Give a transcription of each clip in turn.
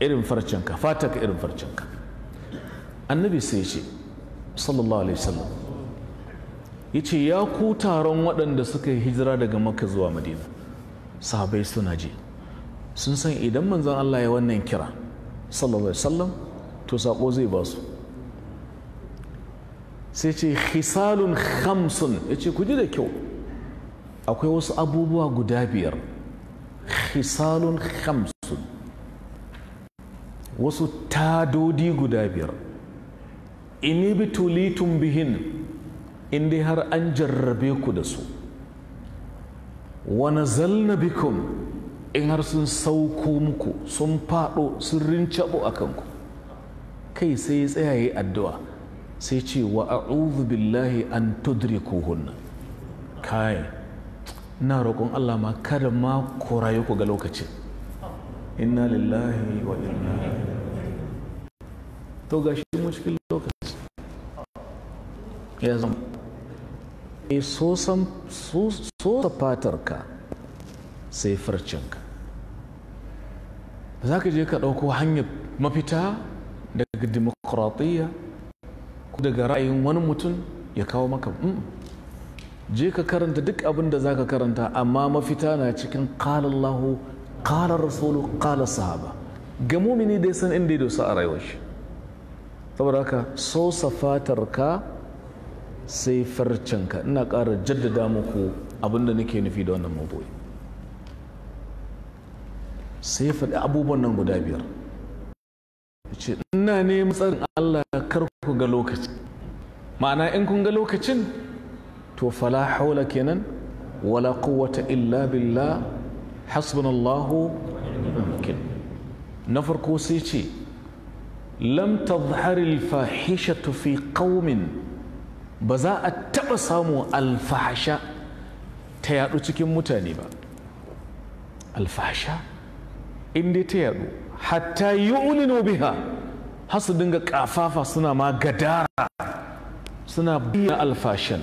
irin farcenka fata ka irin farcenka annabi sai ce sallallahu alaihi wasallam ya ce ya ku taron waɗanda suka yi hijira daga maka zuwa madina sahabai suna ji sun san idan manzon allah ya wannan kira sallallahu alaihi wasallam to saƙo zai ba su sai ce hisalun khamsun ya ce ku ji da kyau akwai wasu abubuwa guda biyar hisalun khams wasu tadodi guda biyar ini bitulitun bihin inda har an jarrabe ku da su wani zalna kom in har sun sauko muku sun faɗo sun rincabo a kanku kai sai tsayaye addu'a sai ce wa a'udhu billahi an tudrikuhunna kai na roƙon Allah ma kada ma ku ga lokacin inna lillahi wa inna to gashi shi mushkil lokaci ya zama e eh, so san so fatarka sai farcinka za ka je ka ɗauko hanyar mafita daga dimokuraɗiyya ko daga ra'ayin wani mutum ya kawo maka je ka karanta duk abin da za ka karanta amma mafita na cikin ƙalallahu ƙalar rasulu ƙalar sahaba ga mumini dai san inda dosa a rayuwar shi saboda haka so safatar ka sai farcenka ina ƙara jaddada muku abinda nake nufi da wannan maboyi sai faɗi abubuwan nan guda biyar ce ina ne tsarin Allah kar ku ga lokaci ma'ana in kun ga lokacin to fala haula kenan wala kowata illa billah hasbunallahu mumkin na farko sai ce lam tazhar alfahishatu fi qaumin ba za a taba samu alfahasha ta yadu cikin mutane ba alfahasha in dai ta yadu hatta yu'linu biha har su dinga kafafa suna ma gadara suna biya alfashan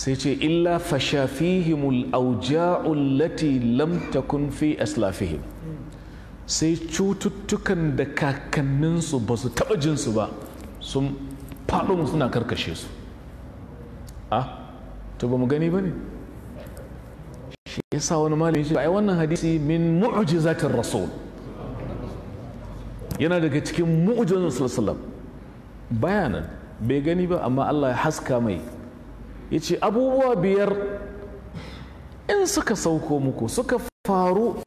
sai ce illa fashafihimul auja'ul lati lam takun fi aslafihim sai cututtukan da kakanninsu ba su taɓa jinsu ba sun faɗo suna karkashe su ah to ba mu gani ba ne shi yasa wani malami shi ai wannan hadisi min mu'jizatir rasul yana daga cikin mu'jizar sallallahu alaihi wasallam bayanan bai gani ba amma Allah ya haska mai ya ce abubuwa biyar in suka sauko muku suka faru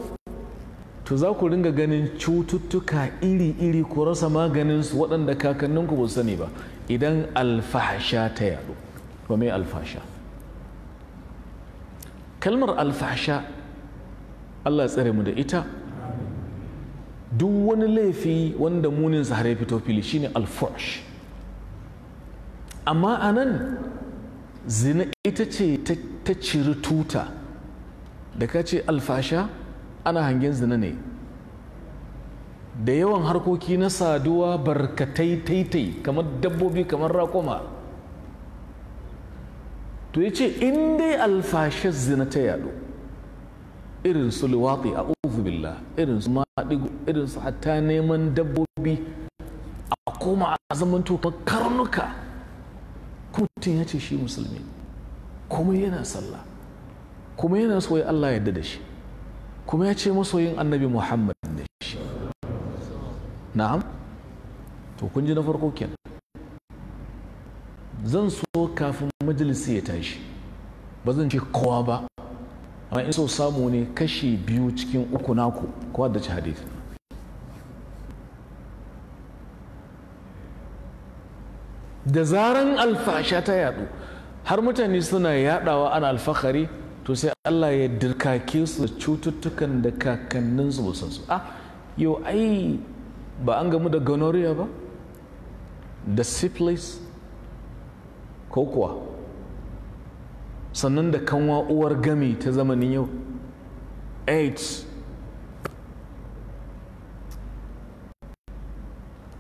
to za ku ringa ganin cututtuka iri-iri ku rasa maganinsu waɗanda kakanninku ba sani ba idan alfahasha ta yaɗu ba mai alfahasha kalmar alfahasha allah tsare mu da ita duk wani laifi wanda muninsa har ya fito fili shine alfahash amma anan zina ita ce ta ciri tuta da ka ce alfasha ana hangen zina ne da yawan harkoki na saduwa barkatai taitai kamar dabbobi kamar rakoma to ya ce in dai alfasha zina ta yaɗu. irin su luwaƙi a billah irin su maɗigo irin su hatta neman dabbobi a koma a zamanto karnuka kuma ya ce shi musulmi kuma yana sallah kuma yana so ya Allah yadda da shi kuma ya ce masoyin annabi Muhammad da shi na'am to kun ji na farko ken zan so kafin majalisi ya tashi ba zan ce kowa ba amma in so samu ne kashi biyu cikin uku naku kowa da ci hadith da zaran alfasha ta yadu har mutane suna yadawa ana alfahari to sai Allah ya dirkake su cututtukan da kakanninsu san su ah yau ai ba an gamu da gonorrhea ba da syphilis ko kuwa sannan da kanwa uwar gami ta zamanin yau aids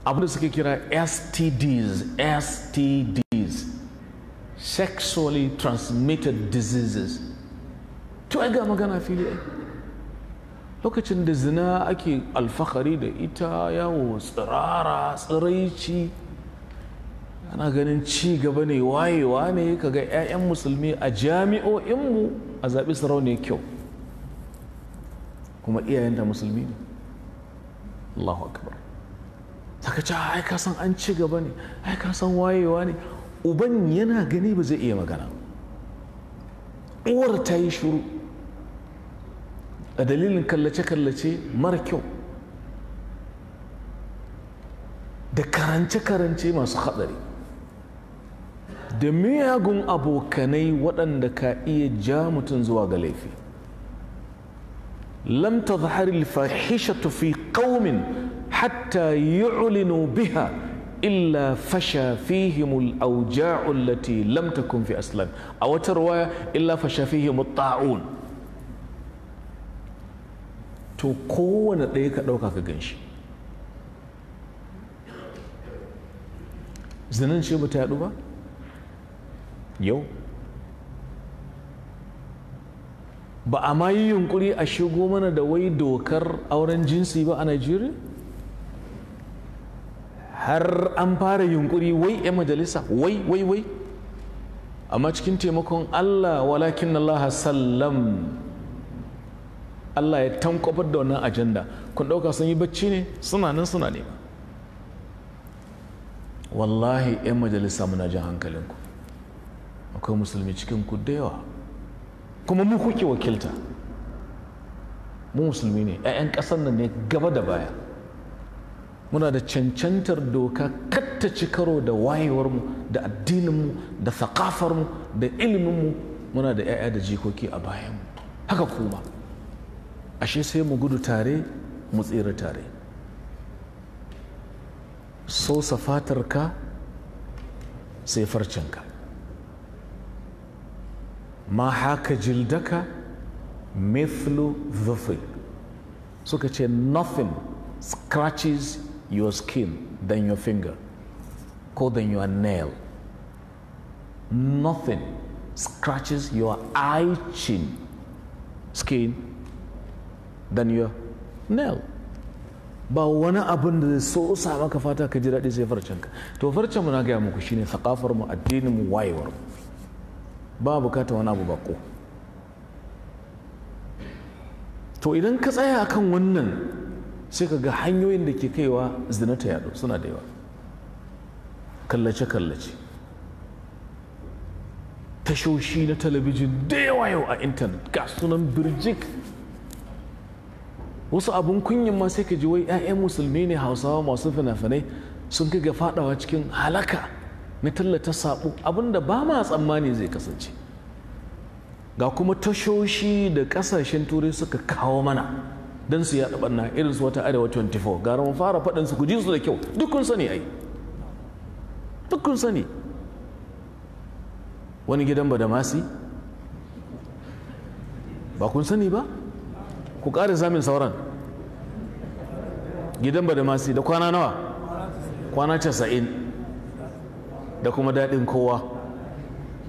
abinda suke kira stds stds sexually transmitted diseases to ga magana fili ai lokacin da zina ake alfahari da ita yawo tsirara tsiraici ana ganin ci gaba ne wayewa ne kaga 'ya'yan musulmi a jami'o'inmu a zaɓi sarauniya kyau kuma iyayen da musulmi ne Allahu akbar saka ce ai ka san an ci gaba ne ai ka san wayewa ne uban yana gani ba zai iya magana uwar ta yi shuru a dalilin kallace-kallace mara kyau da karance-karance masu haɗari da miyagun abokanai waɗanda ka iya ja mutum zuwa ga laifi lam tazhar al fi qaumin hatta yu'linu biha illa fasha fihimul auja'u allati lam takun fi aslan a wata ruwaya illa fasha fihimut ta'un to kowane ɗaya ka ɗauka ka gan shi zinan ce ba ta yaɗu yau ba a ma yunƙuri yunkuri a shigo mana da wai dokar auren jinsi ba a Najeriya? har an fara yunkuri wai 'yan majalisa wai wai wai amma cikin taimakon allah walakin allah sallam allah ya tankwafar da wannan ajanda kun ɗauka sun yi bacci ne suna nan suna nema wallahi 'yan majalisa muna jan hankalinku akwai musulmi cikin ku da yawa kuma mu kuke wakilta mu musulmi ne 'ya'yan ƙasar nan ne gaba da baya muna da cancantar doka katta ci karo da wayewarmu da addininmu da thakafarmu da iliminmu muna da 'ya'ya da jikoki a bayanmu haka kuma ashe sai mu gudu tare mu tsira tare Sosa fatarka sai farcinka ma haka jildaka mithlu zufi suka ce nothing scratches your skin than your finger or than your nail. Nothing scratches your eye chin skin than your nail. ba wani abin da zai so sa maka fata ka ji daɗi sai farcen ka to farcen mu na gaya muku shine sakafar mu addinin mu wayewar mu ba bukata wani abu bako to idan ka tsaya akan wannan sai ka ga hanyoyin da ke kaiwa zina ta suna da yawa kallace-kallace tashoshi na talabijin da yawa yau a intanet ga sunan birjik wasu abun kunyin ma sai ka ji wai 'ya'yan musulmi ne hausawa masu fina-finai sun kai ga fadawa cikin halaka na tallata abin abinda ba ma tsammani zai kasance ga kuma tashoshi da ƙasashen turai suka kawo mana don su yaɗa ɓanna irin su wata arewa 24 gara mun fara fadin su ku ji su da kyau duk kun sani ai duk kun sani wani gidan ba da masi ba kun sani ba ku kare samun sauran gidan ba da masi da kwana nawa kwana casa'in da kuma daɗin kowa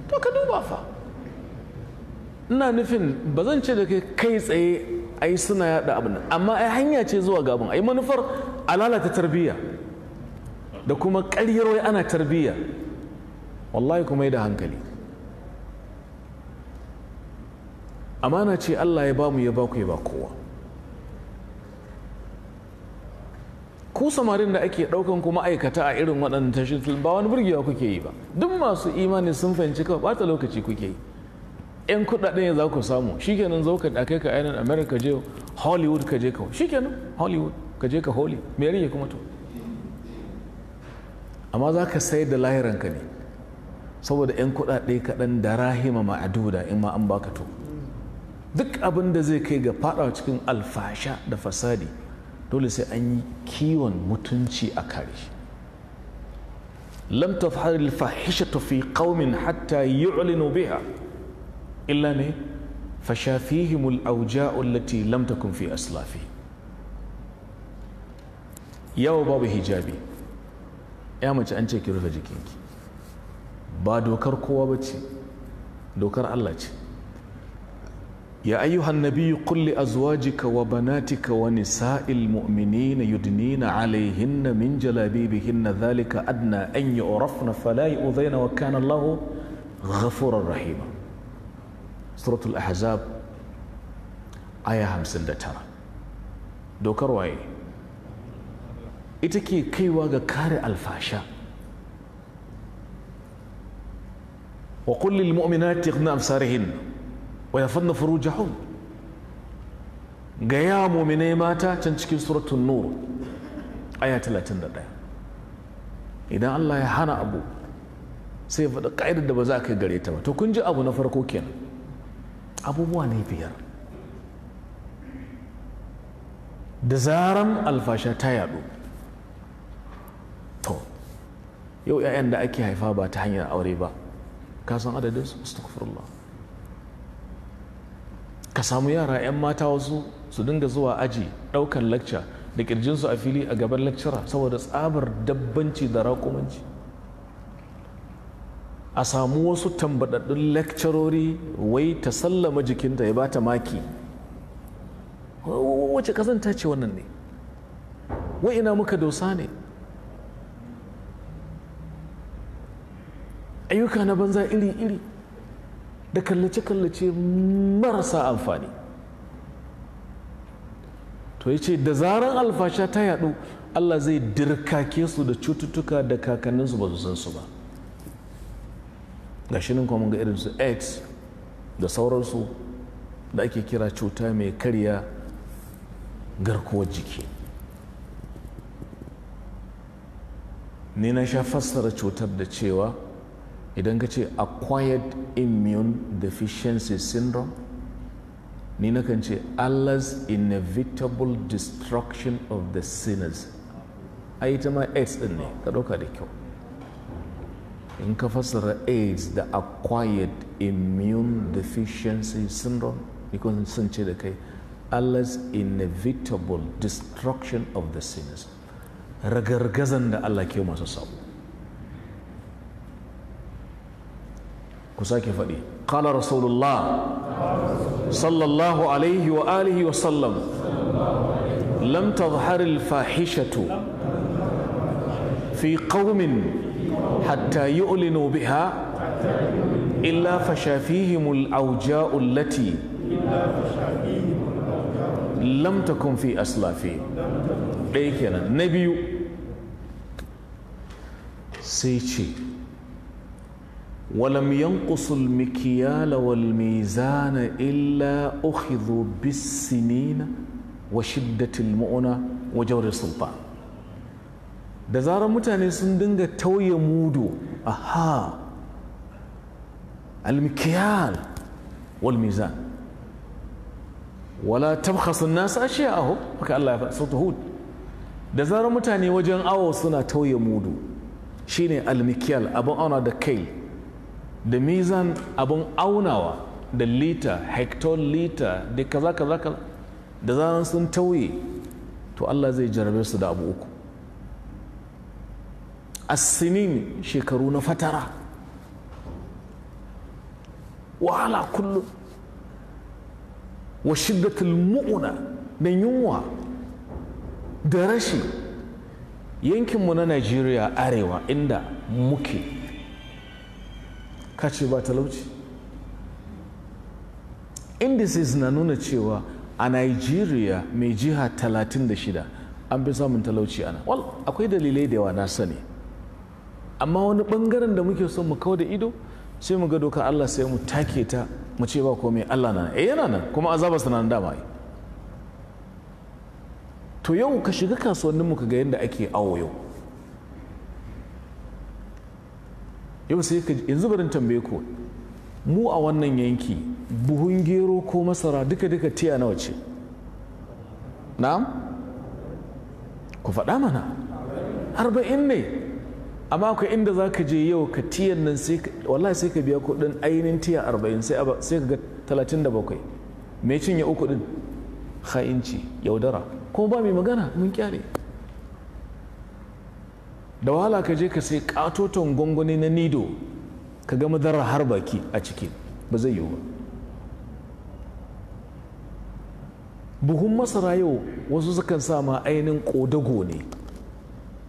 to ka duba fa ina nufin ba zan ce da kai tsaye ai suna yada abin amma ai hanya ce zuwa gabin ai manufar alalata tarbiyya da kuma karyar wai ana tarbiyya wallahi kuma da hankali amana ce Allah ya bamu ya baku ya ba kowa ku samarin da ake daukan kuma aikata a irin waɗannan tashin ba wani burgewa kuke yi ba duk masu imani sun fahimci kawai ɓata lokaci kuke yi 'yan kudaden za ku samu shikenan zo ka dakai ka ainihin america je hollywood ka je ka shikenan hollywood ka je ka holly me ya kuma to amma za ka sayar da lahiranka ne saboda 'yan kudade kaɗan da rahima ma'aduda in ma an baka to duk abin da zai kai ga fadawa cikin alfasha da fasadi dole sai an yi kiwon mutunci a kare lam tafhar al fi qaumin hatta yu'linu biha illa ne fashafihimul auja'u allati lam takun fi aslafi yau babu hijabi ya mace an ce ki rufe jikinki ba dokar kowa ba ce dokar Allah ce ya ayyuhan nabiyyu qul li azwajika wa banatika wa nisa'il mu'minina yudnina na min jalabibihinna dhalika adna an yu'rafna fala yu'dhayna wa kana Allahu ghafurar rahima suratul ahzab aya hamsin da tara dokar waye ita ke kaiwa ga kare alfasha wa kullil mu'minati yaghdna absarihin wa yafanna furujahum ga ya mu'minai mata can cikin suratul nur aya 31 idan Allah ya hana abu sai ya faɗa ƙa'idar da ba za ka gare ta ba to kun ji abu na farko kenan abubuwa ne biyar da zaran alfasha ta yadu to yau 'ya'yan da ake haifa ba ta hanyar aure ba ka san adadin su astaghfirullah ka samu yara 'yan mata wasu su dinga zuwa aji ɗaukar lacca da ƙirjinsu a fili a gaban laccara saboda tsabar dabbanci da raƙumanci a samu wasu tambadaddun lecturori wai ta sallama jikinta ya ba ta maki wace kazanta ce wannan ne wai ina muka dosa ne ayyuka na banza iri-iri da kallace-kallace marasa amfani to ya ce da zaran alfasha ta yadu allah zai dirkake su da cututtuka da kakanninsu ba su san su ba ga shirin nan kuma ga irin su x da sauransu da ake kira cuta mai karya garkuwar jiki ni na sha fassara cutar da cewa idan ka ce acquired immune deficiency syndrome ni na kan ce allah's inevitable destruction of the sinners a ita ma x din ne ka ɗauka da kyau in ka fassara aids da acquired immune deficiency syndrome because sun ce da kai allah's inevitable destruction of the sinners ragargazan da allah ke masu sabo ku sake faɗi qala rasulullah sallallahu alaihi wa alihi wa sallam lam tazhar al fahishatu fi qaumin حتى يؤلنوا بها إلا فشا فيهم الأوجاء التي لم تكن في أسلافهم لكن النبي إيه سيشي ولم ينقص المكيال والميزان إلا أخذوا بالسنين وشدة المؤنة وجور السلطان da zarar mutane sun dinga tauye mudu aha almikiyal wal mizan wala tabkhasu an-nas ashiya'ahum haka Allah ya faɗa sautu hud da zarar mutane wajen awo suna tauye mudu shine almikiyal abun auna da kai da mizan abun aunawa da lita lita da kaza kaza kaza da zarar sun tauye to Allah zai jarabe su da abu uku asinin shekaru na fatara wahala kullum wa shiddatul mu'una da yunwa da rashi yankinmu na najeriya arewa inda muke kace ba talauci indices na nuna cewa a nigeria mai jiha 36 an fi samun talauci ana wal akwai dalilai da yawa na sani amma wani bangaren da muke son mu kawo da ido sai mu ga doka Allah sai mu take ta mu ce ba komai Allah na eh yana nan kuma azaba sa nan dama to yau ka shiga kasuwannin mu ka ga yadda ake awo yau yau sai ka yanzu barin tambaye ku mu a wannan yanki buhun gero ko masara duka duka tiya nawa ce na'am ku faɗa mana arba'in ne amma akwai inda za ka je yau ka tiyan nan sai wallahi sai ka biya kuɗin ainihin tiya arba'in sai ka ga talatin da bakwai mai cinye uku ɗin ha'inci yaudara kuma ba mai magana mun kyale da wahala ka je ka sai katoton gwangwani na nido ka ga madara har baki a ciki ba zai yiwu ba buhun masara yau wasu sukan sa ma ainihin ƙodago ne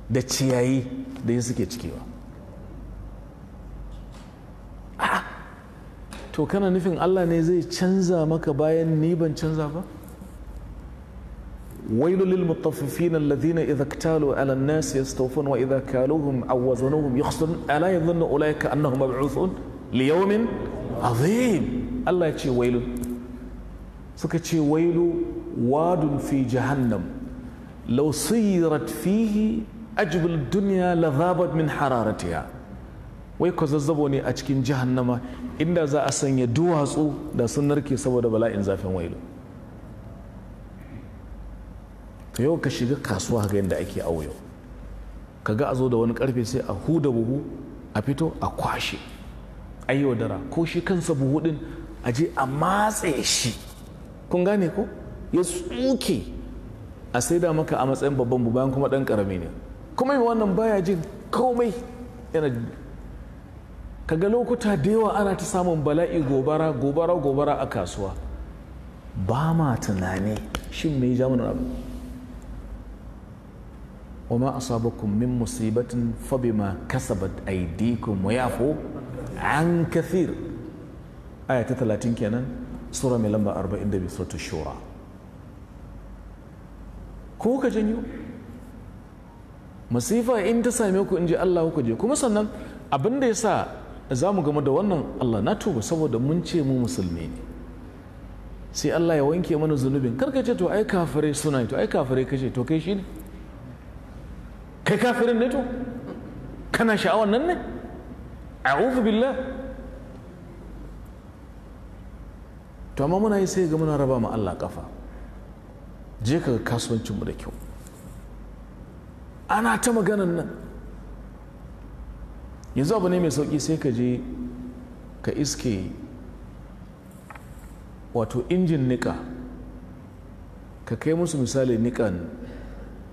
da ciyayi da yin suke cikewa a to kana nufin allah ne zai canza maka bayan ni ban canza ba wailu lil mutaffifin alladhina idha iktalu ala an-nas yastawfun wa idha kaluhum aw wazanuhum yakhsun ala yadhunnu ulaika annahum mab'uthun li yawmin azim allah ce wailu suka ce wailu wadun fi jahannam law sayyirat fihi ajibul duniya lazabat min hararatiya wai ko zazzabo ne a cikin jahannama inda za a sanya duwatsu da sun narke saboda bala'in zafin wailu to yau ka shiga kasuwa ga yadda ake awo ka ga a zo da wani karfe sai a huda buhu a fito a kwashe ayyau dara ko shi kansa buhu din a je a matse shi kun gane ko ya tsuke a saida maka a matsayin babban bayan kuma dan karami ne kuma yi wannan baya jin komai yana kaga lokuta da yawa ana ta samun bala'i gobara gobara gobara a kasuwa ba ma tunani shin mai jamun abu wa ma asabakum min musibatin fa bima kasabat aydikum wa yafu an kathir aya ta 30 kenan sura mai lamba 42 suratul shura ko ka janyo masifa in ta same ku in ji Allah ku je kuma sannan abin da ya sa za mu gamu da wannan Allah na tuba saboda mun ce mu musulmi ne sai Allah ya wanke mana zunubin karka ce to ai kafirai suna to ai kafirai kace to kai shi ne kai kafirin ne to kana sha'awar nan ne a'udhu billah to amma muna yi sai ga muna raba ma Allah kafa je ka kasuwancin mu da kyau ana ta maganan nan yanzu abu ne mai sauki sai ka je ka iske wato injin nika ka kai musu misali nikan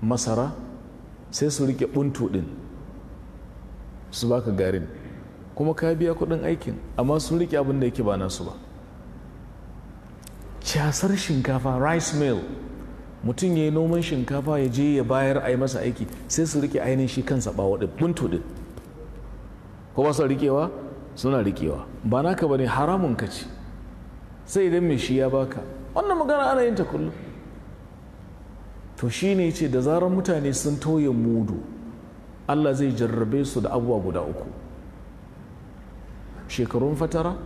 masara sai su rike buntu din su baka garin kuma ka biya kudin aikin amma sun rike abin da yake ba nasu ba casar shinkafa rice mill mutum ya yi noman shinkafa ya je ya bayar a yi masa aiki sai su rike ainihin shi kansa bawa ɗin buntu ɗin ko ba su rikewa suna rikewa ba naka ba ne haramun ka ce sai idan mai shi ya baka wannan magana ana yin ta kullum to shi ne ce da zarar mutane sun toye mudu allah zai jarrabe su da abubuwa guda uku shekarun fatara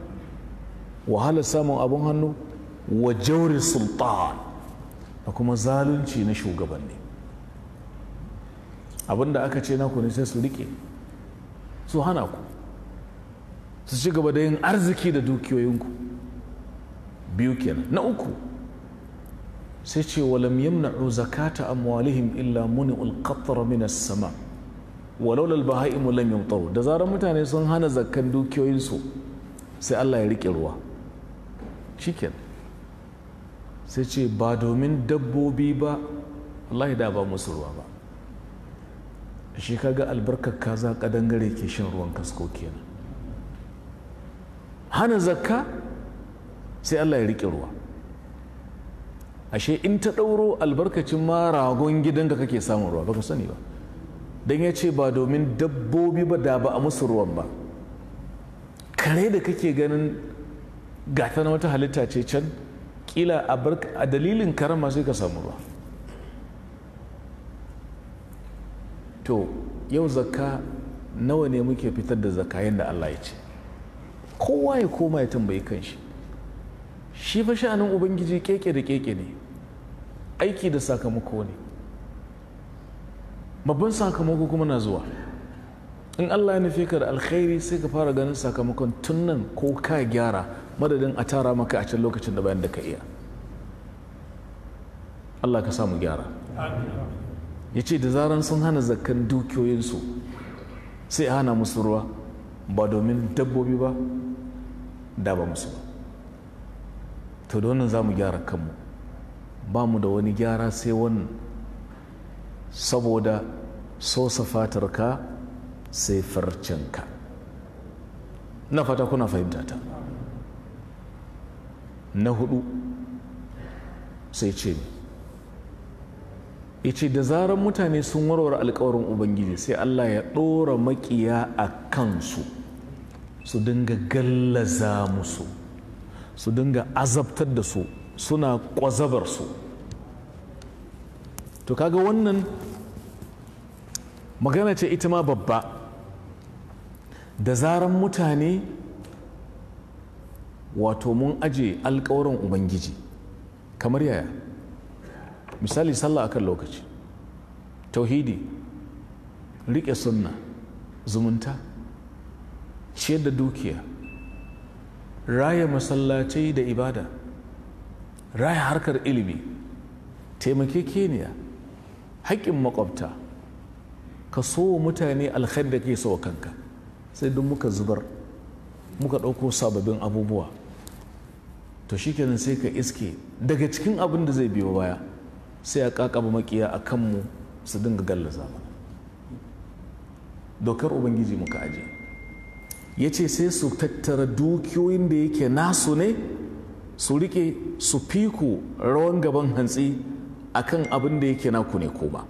wahalar samun abin hannu wa jaurin sultan da kuma zalunci na shugabanni abinda aka ce naku ne sai su rike su hana ku su ci gaba da yin arziki da dukiyoyinku biyu kenan na uku sai ce walam yamna'u zakata amwalihim illa muni ulkatar minas sama walau baha'i bahaimu lam yumtaru da zarar mutane sun hana zakan dukiyoyinsu sai Allah ya rike ruwa kenan sai ce ba domin dabbobi ba Allah da ba musu ruwa ba shi kaga albarkar ka dangare ke shan ruwan kasko kenan hana zakka sai Allah ya rike ruwa ashe in ta ɗauro albarkacin ma ragon gidan da kake samun ruwa baka sani ba don ya ce ba domin dabbobi ba da ba a musu ruwan ba kare da kake ganin gata na wata halitta ce can kila a dalilin karama sai ka samu ba. to yau zakka nawa ne muke fitar da zakka yadda Allah ya ce kowa ya koma ya tambayi kanshi shi fa sha'anin ubangiji keke da keke ne aiki da sakamako ne babban sakamako kuma na zuwa in Allah ya nufi ka da alkhairi sai ka fara ganin sakamakon tun ko ka gyara madadin a tara maka a can lokacin da bayan da ka iya Allah ka samu gyara ya ce da zaran sun hana zakkan dukiyoyinsu sai hana musu ruwa ba domin dabbobi ba da ba musu ba to da wannan za mu gyara kanmu ba mu da wani gyara sai wannan saboda so ka sai farcinka na fata kuna fahimta ta na hudu sai ce ya ce da zarar mutane sun warware alkawarin ubangiji sai allah ya ɗora makiya a kansu su dinga gallaza musu su dinga azabtar da su suna kwazabar su to kaga wannan magana ce ita ma babba da zaran mutane wato mun aje alkawarin ubangiji kamar yaya misali sallah kan lokaci tauhidi riƙe sunna zumunta ciyar da dukiya raya masallacai da ibada raya harkar ilimi taimake keniya haƙƙin makwabta ka so mutane alkhairi da ke so kanka sai duk muka zubar muka ɗauko sababbin abubuwa to kenan sai ka iske daga cikin abin da zai biyo baya sai a kakaba makiya a kanmu su dinga gallaza mana dokar ubangiji muka aje ya ce sai su tattara dukiyoyin da yake nasu ne su rike su fiku rawan gaban hantsi kan abin da yake naku ne ko ba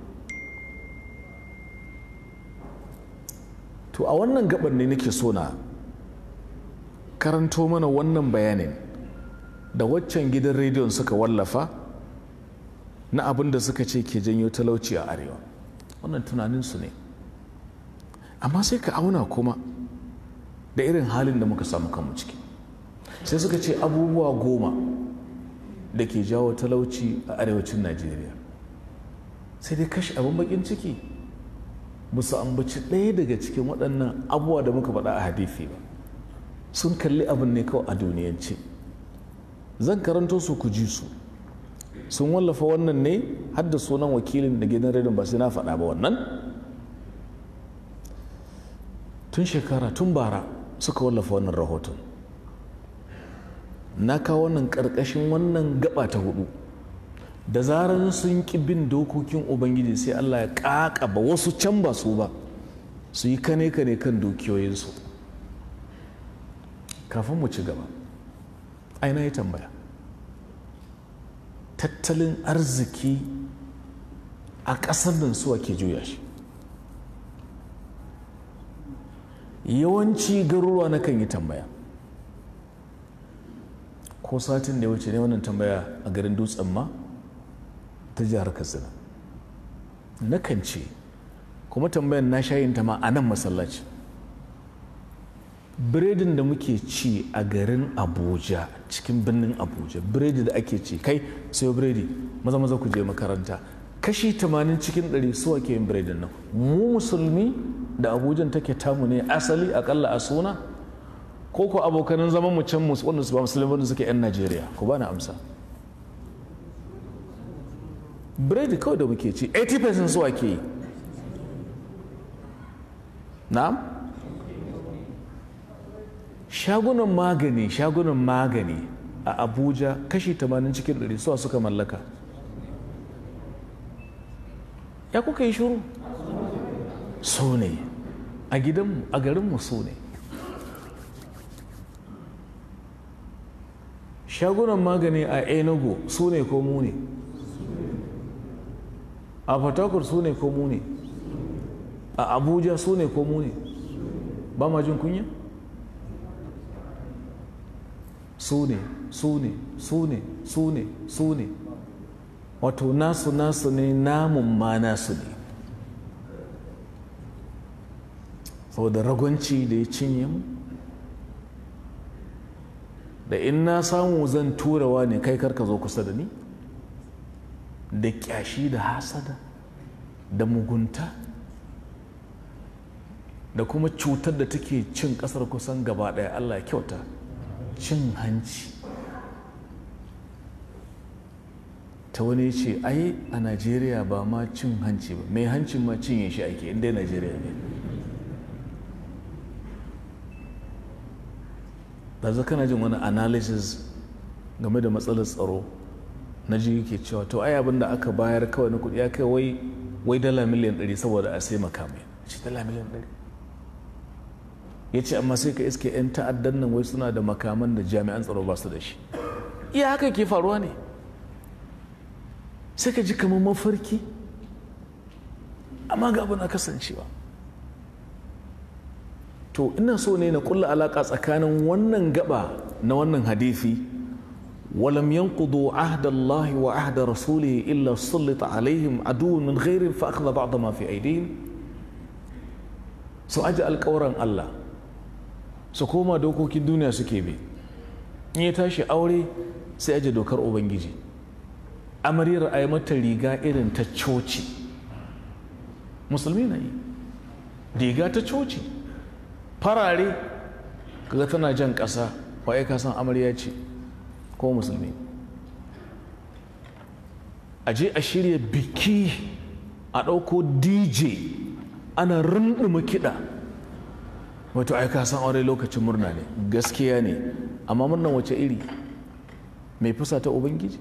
to a wannan gaban ne nake so na karanto mana wannan bayanin da waccan gidan rediyon suka wallafa na abin da suka ce ke janyo talauci a arewa wannan tunaninsu ne amma sai ka auna kuma da irin halin da muka samu kanmu ciki sai suka ce abubuwa goma da ke jawo talauci a arewacin najeriya sai dai kashe abin bakin ciki musu ambaci ɗaya daga cikin waɗannan abubuwa da muka faɗa a hadithi ba sun kalli abin ne kawai a duniyance zan karanto su ku ji su sun wallafa wannan ne har sunan wakilin da gidan redon ba sai na faɗa ba wannan tun shekara tun bara suka wallafa wannan rahoton na kawo wannan ƙarƙashin wannan gaba ta hudu da zarar sun ƙi bin dokokin ubangiji sai allah ya ƙaƙa ba wasu can ba su ba su yi kane-kane kan dukiyoyinsu kafin mu ci gaba aina ya tambaya tattalin arziki a ƙasar nan suwa ke juya shi yawanci garuruwa na kan yi tambaya ko satin da ya wuce ne wannan tambaya a garin dutsen ma ta jihar katsina na kan ce kuma tambayan na sha yin ta ma a nan masallaci biredin da muke ci a garin abuja cikin birnin abuja biredi da ake ci kai sayo biredi maza maza ku je makaranta kashi 80 cikin 100 suwa ke yin biredin nan mu musulmi da abujan take tamu ne asali akalla a suna ko ko abokanin zaman mu can wanda su ba musulmi wanda suke yan najeriya ku ba na amsa biredi kawai da muke ci 80% suwa ke yi na'am shagunan magani shagunan magani a abuja kashi 80 cikin 100 suwa suka mallaka ya kuka yi shuru so ne a gidanmu a garinmu so ne shagunan magani a enugu su ne ko mu ne a fatakur su ne ko mu ne a abuja su ne ko mu ne ba ma jin kunya su ne su ne su ne su ne su ne wato nasu nasu ne namun ma nasu ne saboda ragunci da ya cinye mu da in na samu zan turawa ne kai karka zo kusa da ni da kyashi da hasada da mugunta da kuma cutar da take cin kasar kusan gaba daya allah kyauta cin hanci ta wani ce ai a najeriya ba ma cin hanci ba mai hancin ma cinye shi ake inda najeriya ne ɗazu kana jin wani analysis game da matsalar tsaro na ji ke cewa to ai abin da aka bayar kawai na kudi ya kai wai dala miliyan 100 saboda a sai makamai ce dala miliyan ya ce amma sai ka iske 'yan ta'addan nan wai suna da makaman da jami'an tsaro ba su da shi iya haka ke faruwa ne sai ka ji kamar mafarki amma ga abu na kasancewa to ina so ne na kulla alaka tsakanin wannan gaba na wannan hadisi walam yanqudu ahda Allah wa ahda rasulihi illa sallita alaihim aduwwun min ghairihim fa akhadha ba'd ma fi aydihim su aji alƙawran Allah su koma dokokin duniya suke bi in ya tashi aure sai aje dokar ubangiji amaryar a yi mata riga irin ta coci musulmi na yi riga ta coci farare kaga tana jan ƙasa waye ka san amarya ce ko musulmi a je a shirya biki a ɗauko dj ana runduma kiɗa wato ai ka san aure lokacin murna ne gaskiya ne amma murnan wace iri mai fusa ta ubangiji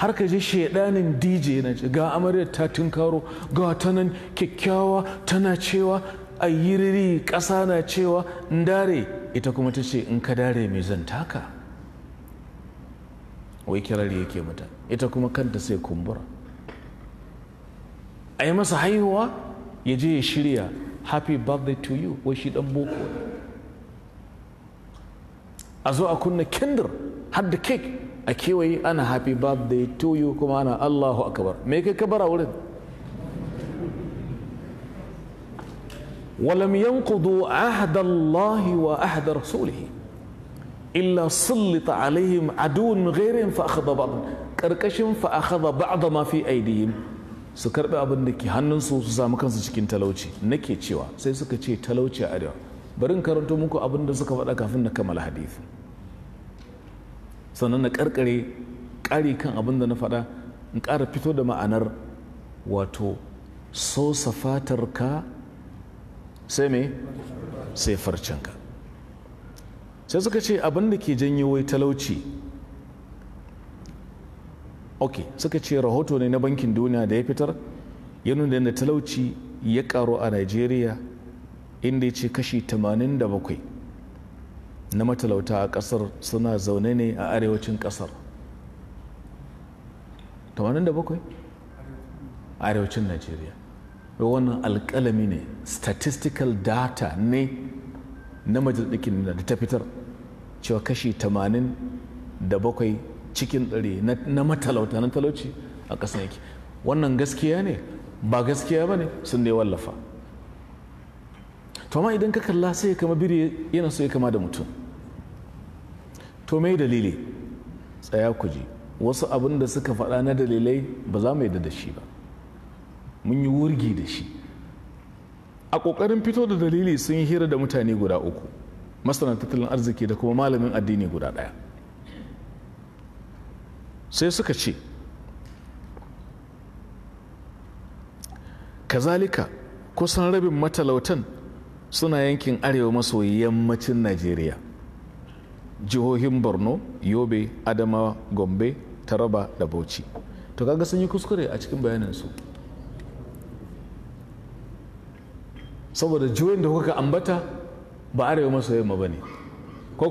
har ka je shaidanin dj na ce ga amaryar ta tunkaro ga ta nan kyakkyawa tana cewa a yi riri ƙasa na cewa in dare ita kuma ta ce in ka dare mai zan taka wai kirari yake mata ita kuma kanta sai kumbura a yi masa haihuwa ya je ya shirya happy birthday to you wai shi dan boko a zo a kunna kindir har da cake a kewaye ana happy birthday to you kuma ana allahu akabar me kai ka bara wurin ولم ينقضوا عهد الله وعهد رسوله إلا سلط عليهم عدو غيرهم فأخذ بعض كركشهم فأخذ بعض ما في أيديهم su karbi abin da ke hannunsu su samu kansu cikin talauci nake cewa sai suka ce talauci a arewa bari in karanto muku abin da suka faɗa kafin na kammala hadisi sannan na karkare ƙari kan abin da na faɗa in ƙara fito da ma'anar wato so ka, sai me sai farcinka sai suka ce abin da ke janyo wai talauci ok suka ce rahoto ne na bankin duniya da ya fitar ya nuna da talauci ya karu a nigeria inda ya ce kashi 87 na matalauta a kasar suna zaune ne a arewacin kasar 87 a arewacin nigeria wannan alkalami ne statistical data ne na majalisar da ta fitar cewa kashi 87 cikin ɗari na matalauta na talauci a ƙasa yake wannan gaskiya ne ba gaskiya ba ne sun dai wallafa to ma idan ka kalla sai ya kama biri yana so ya kama da mutum to mai dalili tsaya ku ji wasu abin da suka faɗa na dalilai ba za mu yi da shi ba mun yi wurgi da shi a ƙoƙarin fito da dalili sun yi hira da mutane guda uku masana tattalin arziki da kuma malamin addini guda ɗaya sai suka ce kazalika kusan rabin matalautan suna yankin arewa maso yammacin najeriya jihohin borno yobe adamawa gombe taraba da bauchi to kaga sun yi kuskure a cikin bayaninsu saboda jihohin da kuka ambata ba arewa maso yamma ba ne ko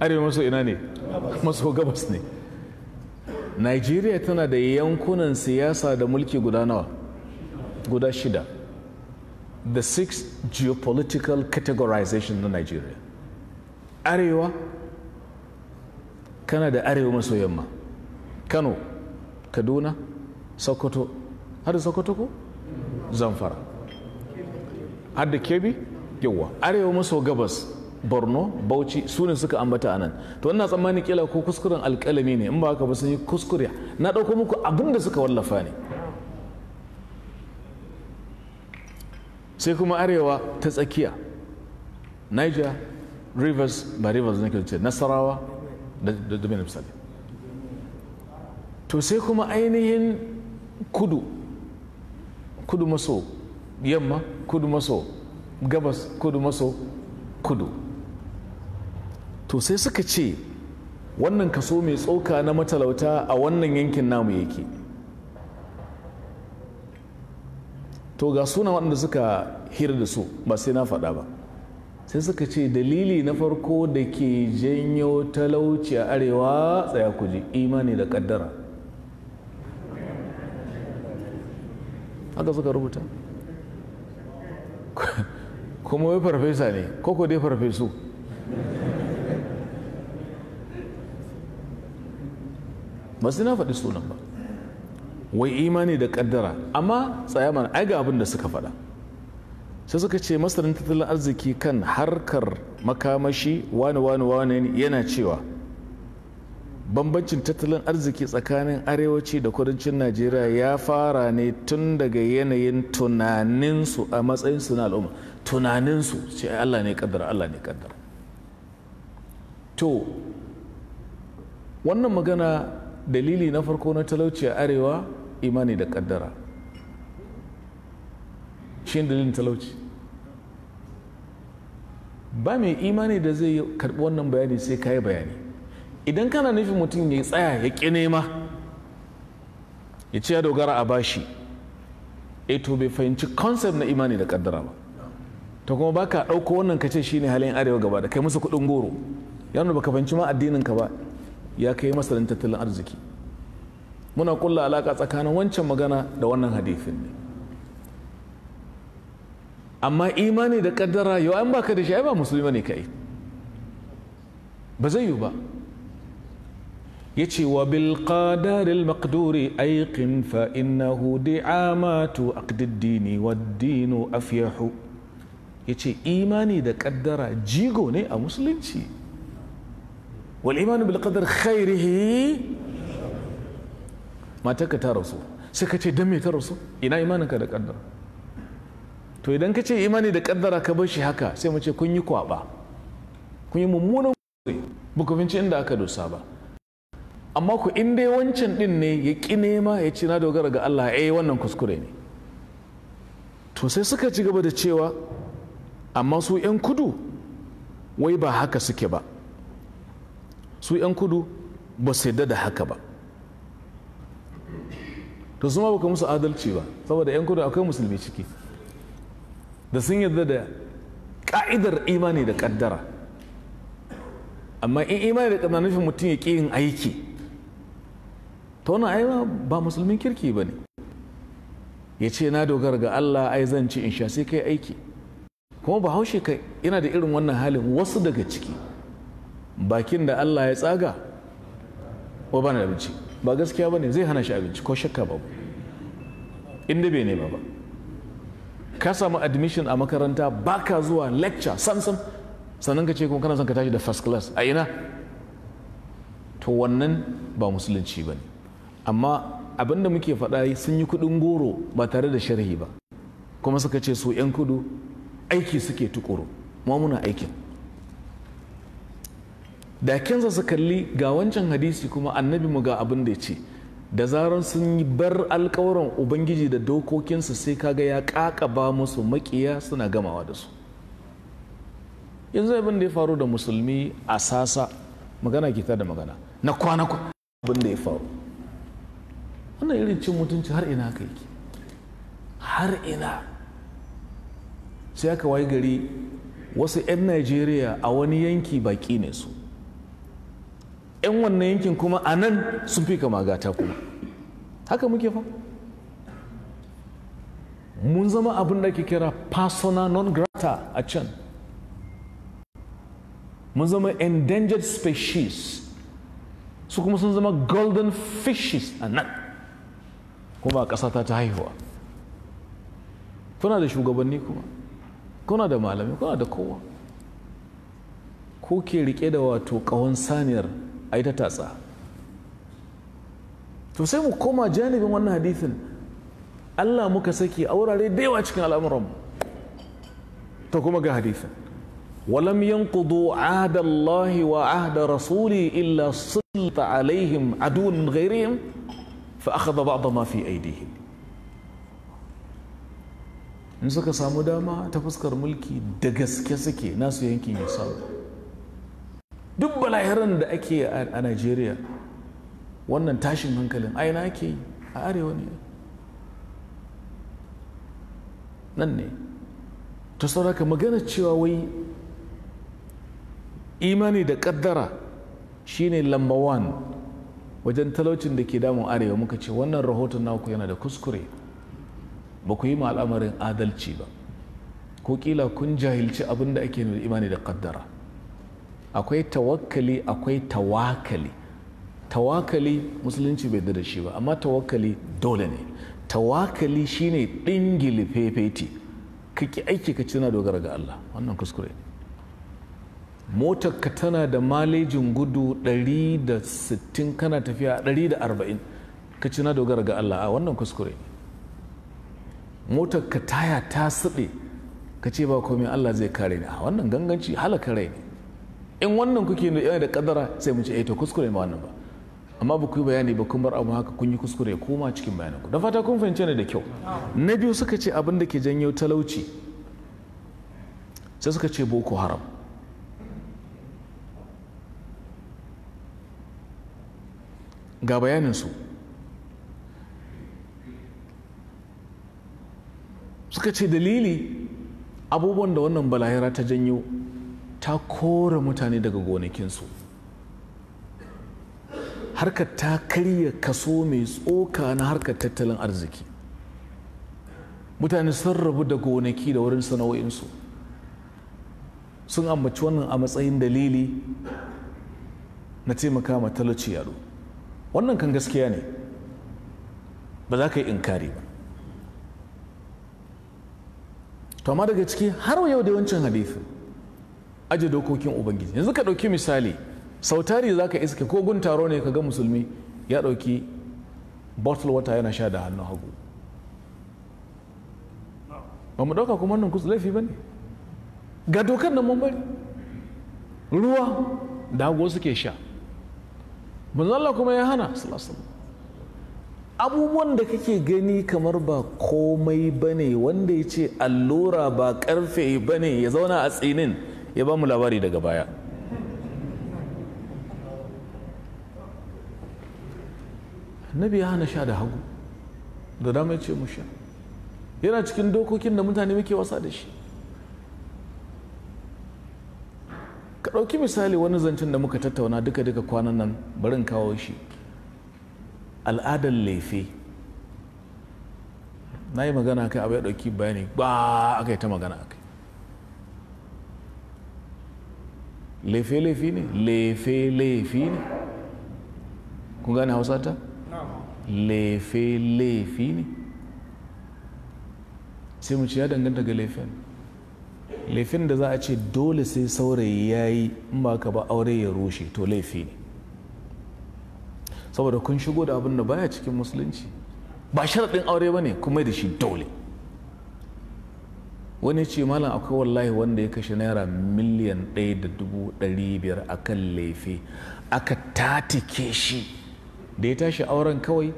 arewa maso ina ne maso gabas ne nigeria tana da yankunan siyasa da mulki guda nawa guda shida the six geopolitical categorization na nigeria arewa kana da arewa maso yamma kano kaduna sokoto har sokoto ko zamfara har da kebi yawa arewa maso gabas borno bauchi su ne suka ambata a nan to ina tsammani kila ko kuskuren alkalami ne in ba haka ba sun yi kuskure na ɗauko muku abin da suka wallafa ne sai kuma arewa ta tsakiya niger rivers ba rivers ne ce nasarawa da domin misali to sai kuma ainihin kudu kudu maso yamma kudu maso gabas kudu maso kudu to sai suka ce wannan kaso mai tsoka na matalauta a wannan yankin namu yake to ga suna waɗanda suka hira da su ba sai na faɗa ba sai suka ce dalili na farko da ke janyo talauci a arewa tsaya kuji imani da ƙaddara haka suka rubuta kuma wai farfesa ne koko dai farfesu ba sai na faɗi sunan ba wai imani da kaddara amma tsaya mana ai ga abin da suka faɗa sai suka ce masanin tattalin arziki kan harkar makamashi wani wani wani yana cewa bambancin tattalin arziki tsakanin arewaci da kudancin najeriya ya fara ne tun daga yanayin tunaninsu a matsayinsu na al'umma tunaninsu ce allah ne kaddara allah ne kaddara to wannan magana dalili na farko na talauci a arewa imani da kaddara shi dalilin talauci ba mai imani da zai karbi wannan bayani sai ka yi bayani idan kana nufin mutum ya tsaya ya ƙi nema ya ce ya dogara a bashi e to bai fahimci concept na imani da kaddara ba ta kuma baka ɗauko wannan kace ce ne halin arewa gaba da kai musu kuɗin goro yana baka fahimci ma addinin ka ba ya kai masarin tattalin arziki muna kulla alaka tsakanin wancan magana da wannan hadifin. ne amma imani da kaddara yau an baka da shi ai ba musulmi ne kai ba zai yi ba yace wa bil qadaril maqduri ayqin fa innahu di'amatu aqdiddini wad-dinu afyahu yace imani da kaddara jigo ne a musulunci والإيمان بالقدر خيره ما تك ترسو سكتي دمي ترسو إنا إيمانك da kaddara to idan kace ce imani da kaddara ka bar shi haka sai mu ce kun yi kwaba kun yi mummunan ba ku binci inda aka dosa ba amma in dai wancan din ne ya ƙi nema ya ci na dogara ga Allah eh wannan kuskure ne to sai suka ci gaba da cewa amma su 'yan kudu wai ba haka suke ba su 'yan kudu ba su yadda da haka ba to su ma baka musu adalci ba saboda 'yan kudu akwai musulmi ciki da sun yadda da ka'idar imani da kaddara amma in imani da kaddara nufin mutum ya ƙi yin aiki ta wani ai ba musulmin kirki ba ne ya ce na dogara ga allah ai zan ci in sha sai kai aiki kuma ba haushe kai yana da irin wannan halin wasu daga ciki bakin da Allah ya tsaga wa bana da abinci ba gaskiya bane zai hana shi abinci ko shakka ba inda bai nema ba ka samu admission a makaranta baka zuwa lecture sansan sannan ka ce kuma kana son ka tashi da first class a ina to wannan ba musulunci ba ne amma abin da muke faɗa sun yi kuɗin goro ba tare da sharhi ba kuma suka ce su 'yan kudu aiki suke tukuru ma muna aikin da kin su kalli ga wancan hadisi kuma annabi mu ga abin da ya ce da zarar sun yi bar alkawaran ubangiji da dokokinsu sai kaga ya kaka ba musu makiya suna gamawa da su yanzu abin da ya faru da musulmi a sasa magana kita da magana na kwana abin da ya faru wannan irin cin mutunci har ina ka yake har ina sai aka wayi gari wasu 'yan najeriya a wani yanki baki ne su 'yan wannan yankin kuma a nan sun fi kama gata kuma haka muke fa mun zama abin da ke kira persona non grata a can mun zama endangered species su kuma sun zama golden fishes a nan kuma a kasata ta haihuwa kuna da shugabanni kuma kuna da malami kuna da kowa ko ke rike da wato kawon saniyar a yi ta tatsa to sai mu koma janibin wannan hadithin allah muka saki a wurare da yawa cikin al'amuran ta kuma ga hadithin ولم ينقضوا rasuli illa وعهد alaihim إلا سلط عليهم fa aka فأخذ بعض ma fi أيديهم in suka samu dama ta fuskar mulki da gaske suke nasu yankin ya samu duk balahirin da ake a Najeriya wannan tashin hankalin aina ake yi a arewa ne nan ne ta sauraka magana cewa wai imani da kaddara shine lamba wan wajen talaucin da ke damun arewa muka ce wannan rahoton naku yana da kuskure ba ku yi ma al'amarin adalci ba ko kila kun jahilci abin da ake nuna imani da kaddara akwai tawakkali akwai tawakali tawakali musulunci bai da shi ba amma tawakali dole ne tawakali shine dingili fefeti ki aiki ka cina dogara ga Allah wannan kuskure motar ka tana da malejin gudu 160 kana tafiya 140 ka cina dogara ga Allah a wannan kuskure motar ka taya ta siɗe ka ce ba komai Allah zai kare ni a wannan ganganci halaka rai ne in wannan kuke yana da kadara sai mu ce eh, to kuskure ma wannan ba amma ba ku yi bayani ba kun bar abu haka kun yi kuskure ma cikin bayanan ku da fata kun fahimce ni da kyau na biyu suka ce abin da ke janyo talauci sai suka ce boko haram ga bayanin su suka ce dalili abubuwan da wannan balahira ta janyo ta kore mutane daga gonakinsu harkar ta karya kaso mai tsoka na harkar tattalin arziki mutane sun rabu da gonaki da wurin sana'o'insu sun ambaci wannan a matsayin dalili na taimaka ma talauci yaro wannan kan gaskiya ne ba za ka yi inkari ba to amma daga ciki har yau da yawancin hadithin aje dokokin ubangiji yanzu ka ɗauki misali sautari za ka iska ko gun taro ne ka ga musulmi ya ɗauki bottle wata yana sha da hannun hagu ba mu ɗauka kuma wannan kusa laifi ba ne ga dokan nan mun ruwa da hagu suke sha Allah kuma ya hana abubuwan da kake gani kamar ba komai ba ne wanda ya ce allura ba karfe ba ne ya zauna a tsinin ya ba mu labari daga baya annabi ya hana sha da hagu da dama ce mu sha yana cikin dokokin da mutane muke wasa da shi ka ɗauki misali wani zancen da muka tattauna duka-duka kwanan nan barin kawo shi al'adar laife na yi magana kai abu ya ɗauki bayani ba aka yi ta magana kai. lefe laifi ne lefe laifi ne kun gane hausa ta lefe laifi ne sai mu ce ya danganta ga lefen. lefen da za a ce dole sai saurayi ya yi in ba ka ba aure ya rushe to laifi ne saboda kun shigo da abin da baya cikin musulunci ba sharaɗin aure ba ne kuma da shi dole wani ce malam akwai wallahi wanda ya kashe naira miliyan ɗaya da dubu ɗari biyar a kan laifi aka tatike shi da ya tashi auren kawai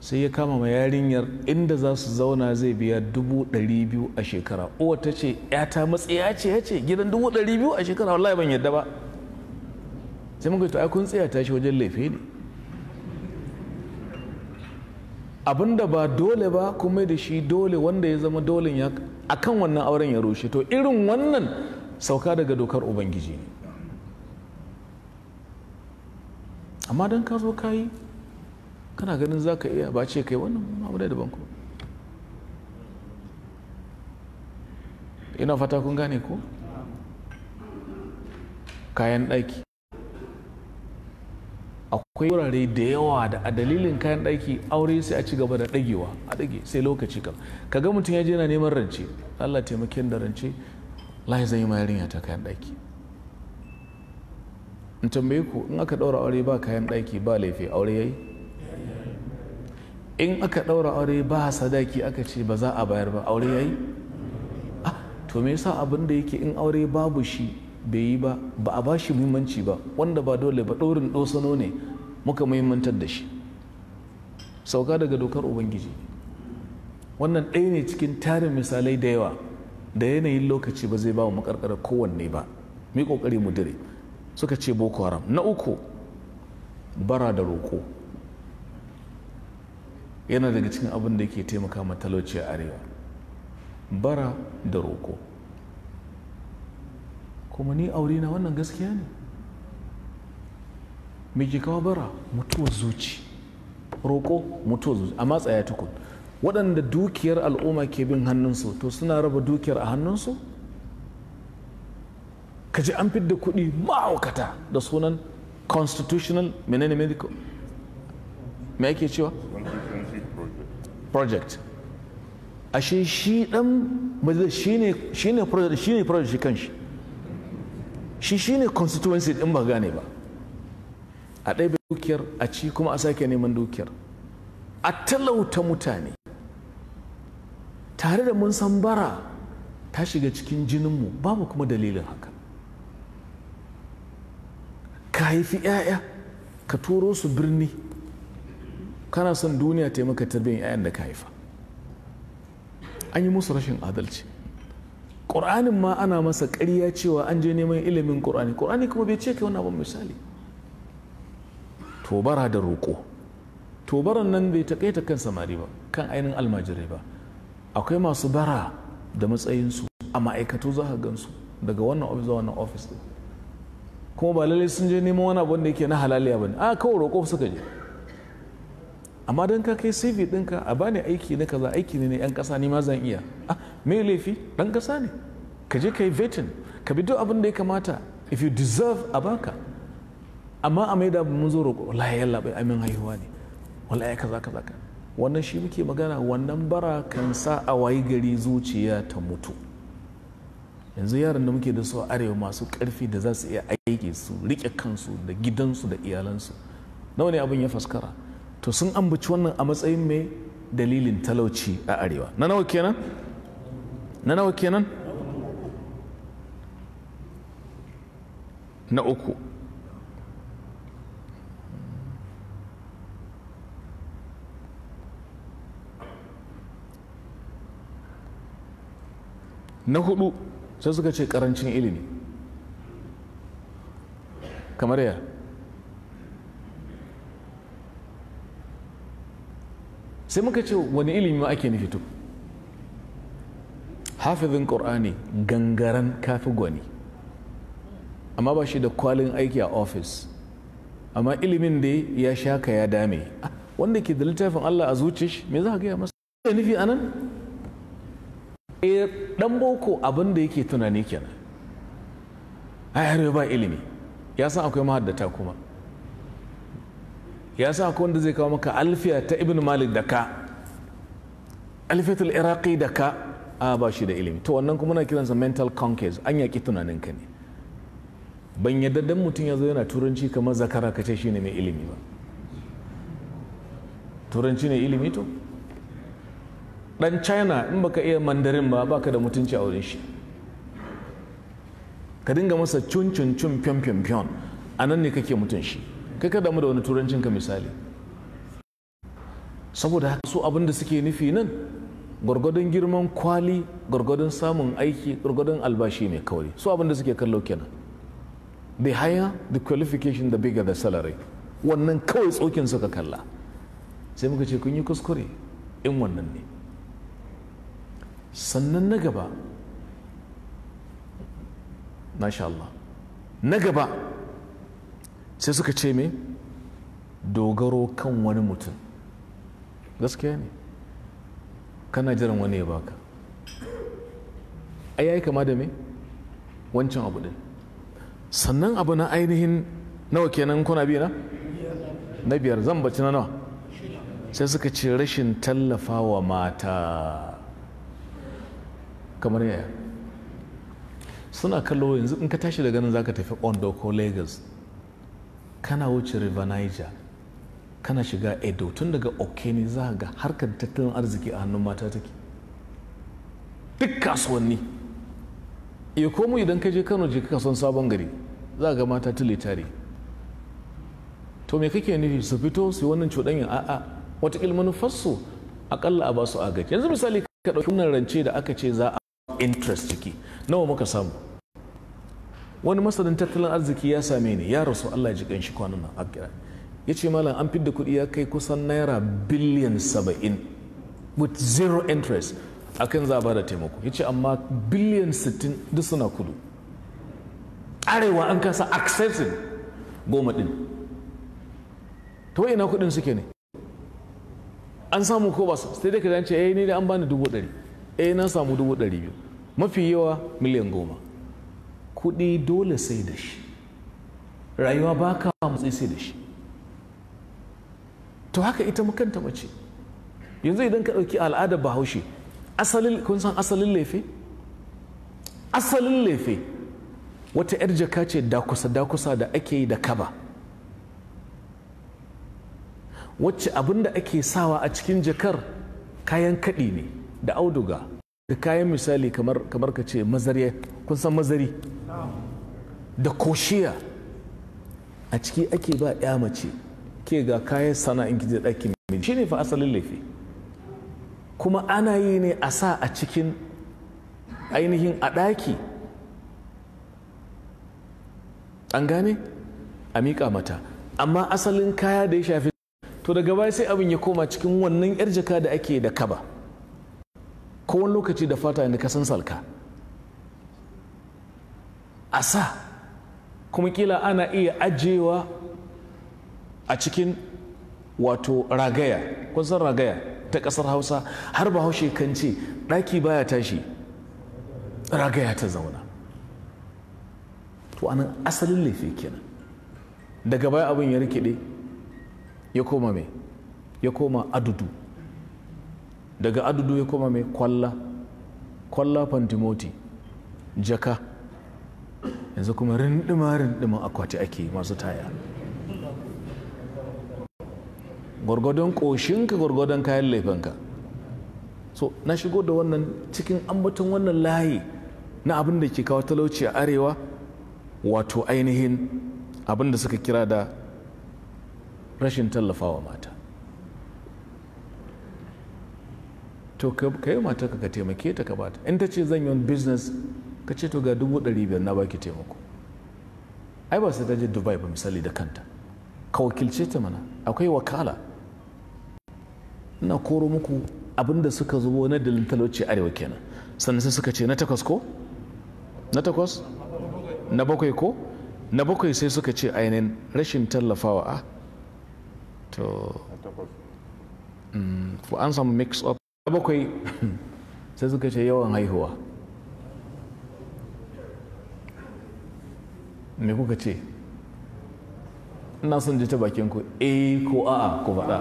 sai ya kama ma yarinyar inda za su zauna zai biya dubu ɗari biyu a shekara uwa ta ce ta matsaya ce ya ce gidan dubu ɗari biyu a shekara wallahi ban yadda ba sai muka to ai kun tsaya tashi wajen laifi ne abinda ba dole ba kuma da shi dole wanda ya zama dole ya akan wannan auren ya rushe to irin wannan sauka daga dokar ubangiji ne amma don ka zo ka yi kana ganin za ka iya ba ce kai wannan abu da daban ko ina fata kun gane ko kayan ɗaki akwai wurare da yawa da a dalilin kayan ɗaki aure sai a ci gaba da ɗagewa a ɗage sai lokaci kan kaga mutum ya je na neman rance Allah taimakin da rance lai zai yi ma yarinya ta kayan ɗaki in tambaye ku in aka ɗaura aure ba kayan ɗaki ba laifi aure yayi in aka ɗaura aure ba sadaki aka ce ba za a bayar ba aure yayi ah, to me yasa abin da yake in aure babu shi bai yi ba ba a bashi muhimmanci ba wanda ba dole ba ɗorin ɗosano ne muka muhimmantar da shi sauka daga dokar ubangiji wannan ɗaya ne cikin tarin misalai da yawa da yanayin lokaci ba zai ba mu makarkarar kowanne ba mu ƙoƙari mu dire suka ce boko haram na uku bara da roƙo yana daga cikin abin da ke taimaka ma talauci a arewa bara da roƙo kuma ni aure na wannan gaskiya ne mai ke kawo bara mutuwar zuci roƙo mutuwar zuci amma tsaya tukun waɗanda dukiyar al'umma ke bin hannunsu to suna raba dukiyar a hannunsu ka ji an fidda kuɗi ma'aukata da sunan constitutional menene medical me ake cewa project ashe shi ɗan majalis shi ne project shi kanshi shi shine constituency din ba gane ba a ɗaya dukiyar a ci kuma a sake neman dukiyar a talauta mutane tare da mun san bara ta shiga cikin jininmu babu kuma dalilin haka ka haifi 'ya'ya ka turo su birni kana son duniya ta yi maka tarbiyyar 'ya'yan da ka haifa an yi musu rashin adalci ƙur'anin ma ana masa ƙarya cewa an je neman ilimin ƙur'ani ƙur'ani kuma bai ce kai wani abin misali tobara da roƙo tobaran nan bai taƙaita kan samari ba kan ainihin almajirai ba akwai masu bara da matsayinsu a ma'aikatu za ka gansu daga wannan ofis zuwa wannan ofis kuma ba lallai sun je neman wani abu da yake na halaliya ba ne a kawai roƙo suka je amma don ka kai cv ɗinka a bani aiki na kaza aiki ne 'yan kasa ne ma zan iya ah me laifi ɗan ƙasa ne ka je ka yi vetin ka bi duk abin da ya kamata if you deserve a baka amma a maida mun zo roƙo wallahi yalla bai amin haihuwa ne wallahi kaza kaza ka wannan shi muke magana wannan bara kan sa a wayi gari zuciya ta mutu yanzu yaran da muke da su a arewa masu karfi da za su iya aiki su rike kansu da gidansu da iyalansu nawa ne abin ya faskara to sun ambaci wannan a matsayin mai dalilin talauci a arewa na nawa kenan na nawa kenan na uku na hudu sai suka ce karancin ilimi kamar yaya sai muka ce wani ilimi ma ake nufi to hafizin qur'ani gangaren kafi gwani amma ba shi da kwalin aiki a ofis amma ilimin da ya shaka ya dame ah, wanda ke da littafin Allah a zuci shi me za ka gaya masa da nufi anan eh dan boko abin da yake tunani kenan ai har ba ilimi ya san akwai mahaddata kuma ya sa akwai wanda zai kawo maka alfiya ta ibn malik da ka alfiyatul iraqi da ka a ba shi da ilimi to wannan kuma na kiransa mental conquest an yaƙi tunaninka ne ban yadda dan mutum ya zo yana turanci kamar zakara ka ce ne mai ilimi ba turanci ne ilimi to dan china in baka iya mandarin ba baka da mutunci a wurin shi ka dinga masa cun cun cun fyon fyon fyon a nan ne kake mutunci. shi kai ka damu da wani turancin ka misali saboda haka su abinda suke nufi nan gwargwadon girman kwali gwargwadon samun aiki gwargwadon albashi ne kauri su abin suke kallo kenan the higher the qualification the bigger the salary wannan kawai tsokin suka kalla sai muka ce kun yi kuskure in wannan ne sannan na gaba na Allah na gaba sai suka ce me dogaro kan wani mutum gaskiya ne kana jiran wani ya baka ai yayi kama da me wancan abu din sannan abu na ainihin nawa kenan kuna bi na na biyar zan baci na nawa sai suka ce rashin tallafa wa mata kamar yaya suna kallo yanzu in ka tashi daga nan zaka tafi ondo ko lagos kana wuce river niger kana shiga edo tun daga okeni za ga harkar tattalin arziki a hannun mata take duk kasuwanni iya komo idan ka je kano je kasuwan sabon gari za ga mata tare to me kake nufi su fito su yi wannan a a'a ilmanu manufarsu akalla a basu a agaji yanzu misali ka ɗauki rance da aka ce za a interest ciki nawa muka samu wani masanin tattalin arziki ya same ni ya rasu Allah ya ji ganshi kwanan nan akira ya ce malam an fidda kuɗi ya kai kusan naira biliyan saba'in with zero interest a kan zaba da taimako ya ce amma biliyan sittin duk suna kudu arewa an kasa accessing goma ɗin to ina kuɗin suke ne an samu ko ba sai dai ka ce eh ni da an bani dubu ɗari eh na samu dubu ɗari biyu mafi yawa miliyan goma kuɗi dole sai da shi rayuwa ba ka mutsi sai da shi to haka ita makanta mace yanzu idan ka ɗauki al'adar bahaushe kun san asalin lefe asalin lefe wata 'yar jaka ce dakusa-dakusa da ake yi da kaba wacce abin da ake sawa a cikin jakar kayan kaɗi ne da auduga da kayan misali kamar ka ce mazari kun san mazari da koshiya a ciki ake ba ya mace ke ga kayan in gida ɗakin min shi ne fa asalin laifi kuma ana yi ne a sa a cikin ainihin a ɗaki an gane a miƙa mata amma asalin kaya da ya shafi to daga baya sai abin ya koma cikin wannan yar jaka da ake da kaba ko lokaci da fata ka kasan salka a sa kuma kila ana iya ajewa a cikin wato ragaya kun ragaya ta kasar hausa har bahaushe kan ce ɗaki baya tashi ragaya ta zauna to anan asalin laifi kenan daga baya abin ya rikide ya koma mai ya koma adudu daga adudu ya koma mai kwalla kwalla fantimoti jaka yanzu kuma rindima rindimin akwati ake masu taya gwargwadon ƙoshinka gwargwadon kayan laifinka so na shigo da wannan cikin ambaton wannan layi na abin da ke kawo talauci a arewa wato ainihin abin da suka kira da rashin tallafawa mata to ka yi mata ka taimake ta ka bata in ta ce zan yi business ka ce to ga dubu ɗari biyar na baki taimako ai ba sai ta je dubai ba misali da kanta ka wakilce ta mana akwai wakala ina koro muku abin da suka zubo na dalin talauci arewa kenan sannan sai suka ce na takwas ko na takwas na bakwai ko na bakwai sai suka ce ainihin rashin tallafawa a ah, mm, to an samu mix up na bakwai sai suka ce yawan haihuwa me kuka ce ina son ji ta bakin ku eh ko a'a ku faɗa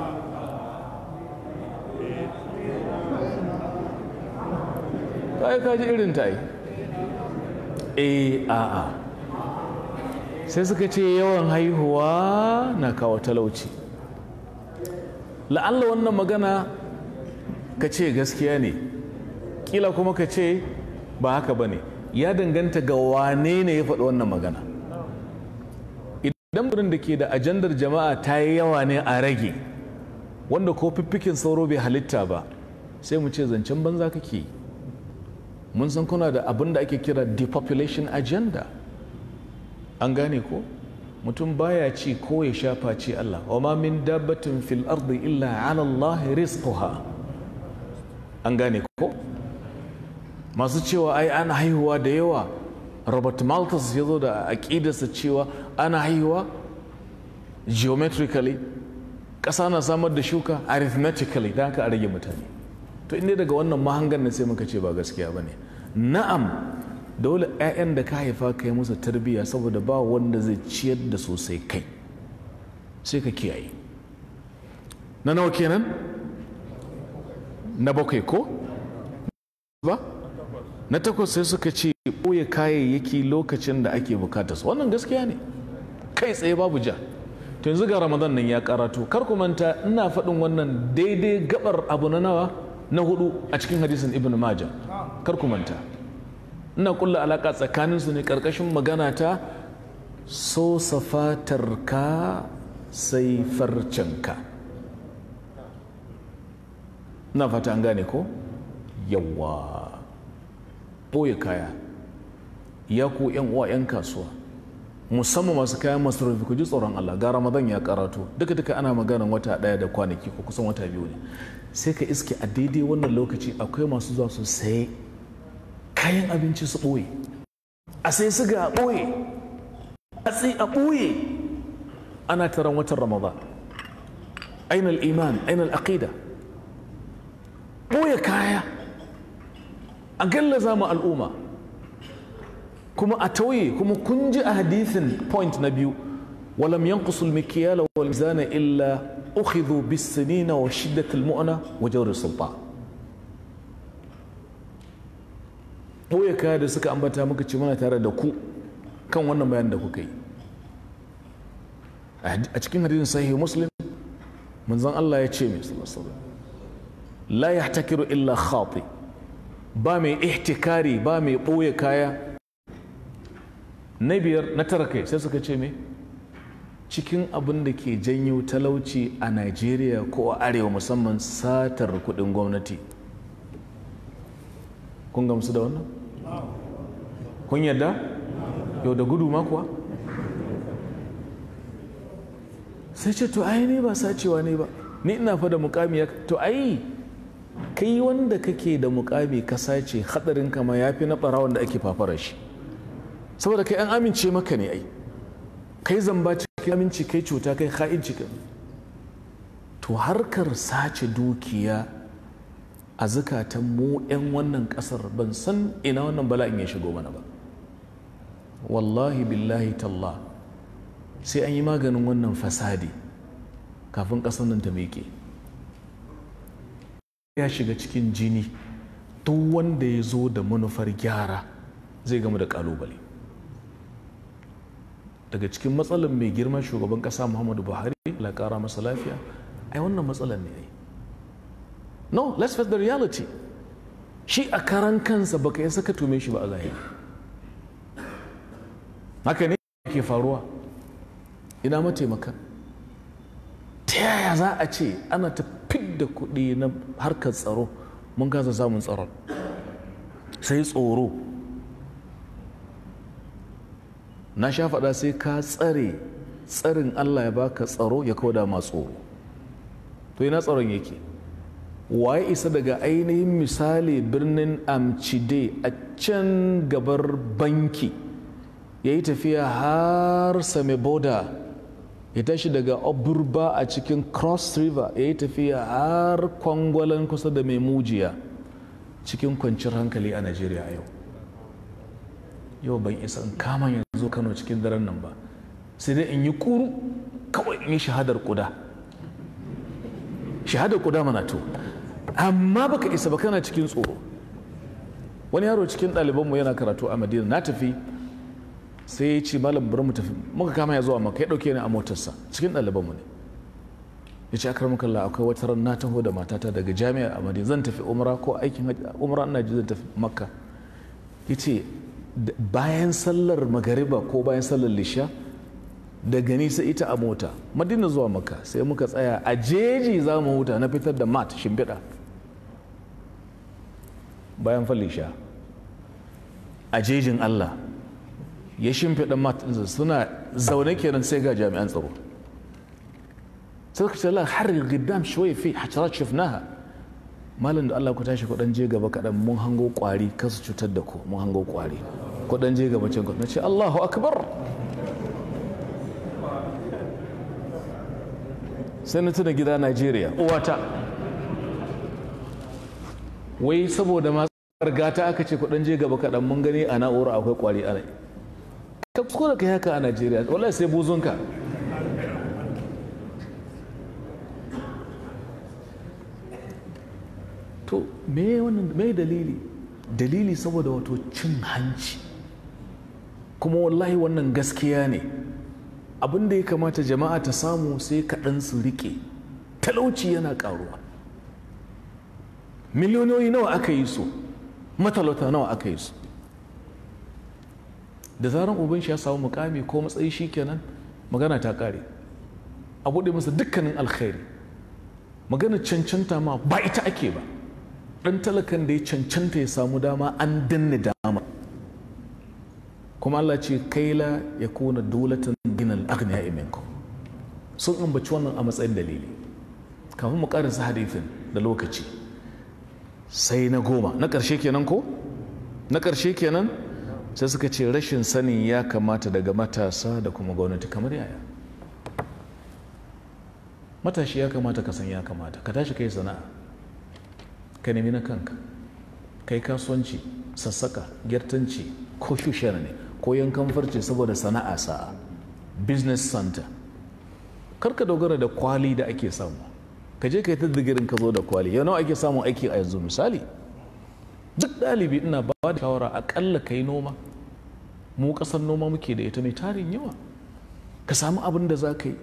ta yi kaji irin ta yi a eh, a'a sai suka ce yawan haihuwa na kawo talauci la'alla wannan magana ka ce gaskiya ne kila kuma ka ce ba haka ba ne ya danganta ga wane ne ya faɗi wannan magana idan wurin da ke da ajandar jama'a ta yi yawa ne a rage wanda ko fiffikin sauro bai halitta ba sai mu ce zancen banza kake mun san kuna da abin da ake kira depopulation agenda an gane ko mutum baya ci ko ya shafa ce Allah wa ma min dabbatin fil ardi illa ala Allah rizquha an gane ko masu cewa ai ana haihuwa da yawa robert malthus ya zo da aƙidarsa cewa ana haihuwa geometrically ƙasa na samar da shuka arithmetically don haka a rage mutane to inda daga wannan mahangar ne sai muka ce ba gaskiya ba ne na'am dole 'ya'yan da ka haifa ka yi musu tarbiyya saboda ba wanda zai ciyar da sosai kai sai ka kiyaye na nawa kenan na bakwai ko ba na takwas sai suka ce ɓoye kayayyaki lokacin da ake bukatar su wannan gaskiya ne kai tsaye babu ja to yanzu ga ramadan nan ya karatu kar ku manta ina faɗin wannan daidai gabar abu na nawa na hudu a cikin hadisin ibn majah kar ku manta ina kulla alaka tsakanin su ne karkashin magana ta so ka sai farcen ka. na fata an gane ko yawwa. ɓoye kaya ya ku yan uwa yan kasuwa musamman masu kayan masarufi ku ji tsoron Allah ga Ramadan ya karato duka duka ana maganan wata daya da kwanaki ko kusan wata biyu ne sai ka iske a daidai wannan lokaci akwai masu zuwa su saye kayan abinci su ɓoye a sai su a ɓoye a tsi a ɓoye ana taron watan Ramadan ainal iman ainal aqida ɓoye kaya a gallaza mu al'umma kuma a tauye kuma kun ji a hadithin point na biyu walam yanqusul mikyala wal mizana illa ukhidhu bis sinina wa shiddatil mu'na wa jawr sulta tauye kaya da suka ambata muka ce muna tare da ku kan wannan bayan da kuka yi a cikin hadisin sahih muslim manzon Allah ya ce mai sallallahu alaihi wasallam la yahtakiru illa khati ba mai ihtikari ba mai ɓoye kaya na biyar na tara kai sai suka ce me cikin abin da ke janyo talauci a najeriya ko a arewa musamman satar kudin gwamnati kun gamsu da wannan kun yadda yau da gudu makuwa sai ce to ai ne ba sacewa ne ba ni ina fada da mukami to ai kai wanda kake da mukami ka sace hadarin kama ya fi na barawon da ake fafara shi saboda kai an amince maka ne ai kai zamba cikin aminci kai cuta kai ha'inci ka to harkar sace dukiya a zukatan mu 'yan wannan kasar, ban san ina wannan bala'in ya shigo mana ba wallahi billahi talla sai an yi maganin wannan fasadi kafin ƙasar nan ta miƙe. ya shiga cikin jini duk wanda ya zo da manufar gyara zai gama da kalubale daga cikin matsalar mai girma shugaban kasa muhammadu buhari la masa lafiya ai wannan matsalar ne no let's face the reality shi a karan kansa baka yi saka tume shi ba a zahiri haka ne ke faruwa ina mataimaka ta yaya za a ce ana ta fidda kuɗi na harkar tsaro mun gaza samun tsaron sai tsoro na sha faɗa sai ka tsare tsarin allah ya baka tsaro ya da ma tsoro to ina tsaron yake waye isa daga ainihin misali birnin amcide a can gabar banki ya yi tafiya har same boda ya tashi daga oburba a cikin cross river ya yi tafiya har kwangwalan kusa da mai mujiya cikin kwanciyar hankali a najeriya yau yau ban isa in kama yanzu kano cikin daren nan ba sai dai in yi kuru kawai in yi shahadar kuda shahadar kuda mana to amma baka isa ba kana cikin tsoro wani yaro cikin ɗalibanmu yana karatu a madina na tafi sai ya ce malam bari mu tafi muka kama ya zuwa maka ya dauke ni a motarsa cikin ɗalibanmu ne ya ce akar muka akwai wata ran na taho da matata daga jami'ar amadi zan tafi umra ko aikin umra ina ji zan tafi makka ya ce bayan sallar magariba ko bayan sallar lisha daga nisa ita a mota madina zuwa makka sai muka tsaya a jeji za mu huta na fitar da mat shimfiɗa bayan falisha a jejin allah ya shimfiɗa mat suna zaune kenan sai ga jami'an tsaro sarki ka har la har giddam shoye fi hasharat shifnaha malam da Allah ku tashi ku je gaba kadan mun hango kwari kasu cutar da ku mun hango kwari ku je gaba can na ce Allahu akbar sai na tuna gida nigeria uwata wai saboda ma gata aka ce ku je gaba kadan mun gani a na'ura akwai kwari a ka da ka haka a najeriya wallahi sai buzunka to me dalili dalili saboda wato cin hanci kuma wallahi wannan gaskiya ne abin da ya kamata jama'a ta samu sai kaɗan su riƙe talauci yana ƙaruwa miliyoyi nawa aka yi su matalauta nawa aka yi su da zaran uban shi ya samu mukami ko matsayi shi kenan magana ta kare a buɗe masa dukkanin alkhairi magana cancanta ma ba ita ake ba ɗan talakan da ya cancanta ya samu dama an danne dama kuma Allah ce kaila ya kuna dolatan ya agniya iminku sun ambaci wannan a matsayin dalili kafin mu karasa hadithin da lokaci sai na goma na ƙarshe kenan ko na ƙarshe kenan sai suka ce rashin sanin ya kamata daga matasa da kuma gwamnati kamar yaya matashi ya kamata ka san ya kamata ka tashi kai sana'a ka nemi na kanka kai kasuwanci sassaka gyartanci ko shushen ne ko yankan farce saboda sana'a sa'a business center ka dogara da kwali da ake samu ka je ka yi ta digirin ka zo da kwali yau nawa ake samun aiki a yanzu misali duk ɗalibi ina ba da shawara aƙalla ka yi noma mu ƙasar noma muke da ita mai tarin yawa ka samu abin da za ka yi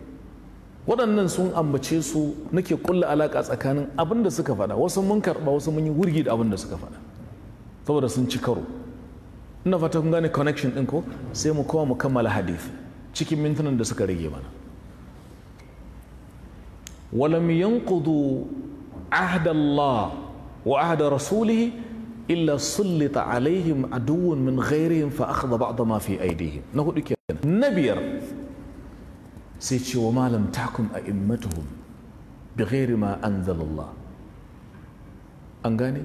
waɗannan sun ambace su nake kulla alaƙa tsakanin abin da suka faɗa wasu mun karɓa wasu mun yi wurgi da abin da suka faɗa saboda sun ci karo ina fata kun gane connection ɗin ko sai mu kowa mu kammala hadisi cikin mintunan da suka rage mana ولم ينقضوا عهد الله وعهد رسوله illa sullita alaihim aduwwun min ghairihim fa akhadha ba'd ma fi aidihim na hudu na biyar sai cewa malam takum a immatuhum bi ma anzalallah an gane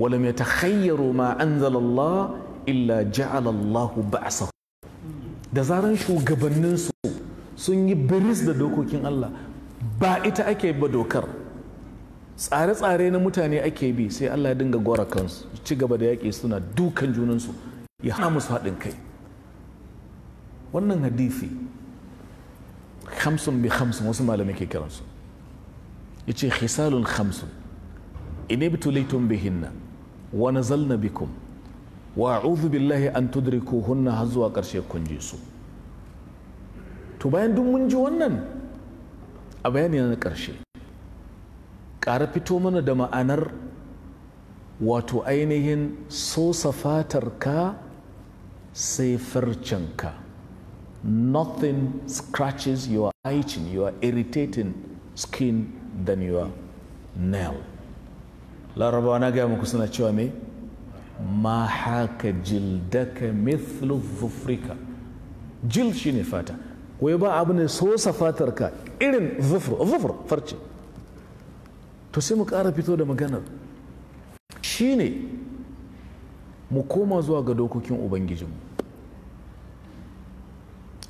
walam yatakhayyaru ma anzalallah illa ja'ala Allah ba'sahu da zaran shugabanninsu sun yi biris da dokokin Allah ba ita ake ba dokar tsare-tsare na mutane ake bi sai Allah ya dinga gora kansu ci gaba da yaƙi suna dukan junansu ya hana musu haɗin kai wannan hadisi, hamsin bi hamsin wasu malamai ke kiransu ya ce hisalun hamsin inibtulitum bihinna wa nazalna bikum wa a'udhu billahi an hunna har zuwa karshe kun je su to bayan duk mun ji wannan a bayani na karshe. ƙara fito mana da ma'anar wato ainihin sosa fatarka sai farcenka nothing scratches your itching your irritating skin than your nail Laraba, na gaya muku suna cewa me ma haka jildaka mithlu zufrika jil shine fata wai ba abu ne sosa fatarka irin zufur zufur farce to sai mu ƙara fito da maganar Shi ne mu koma zuwa ga dokokin ubangijinmu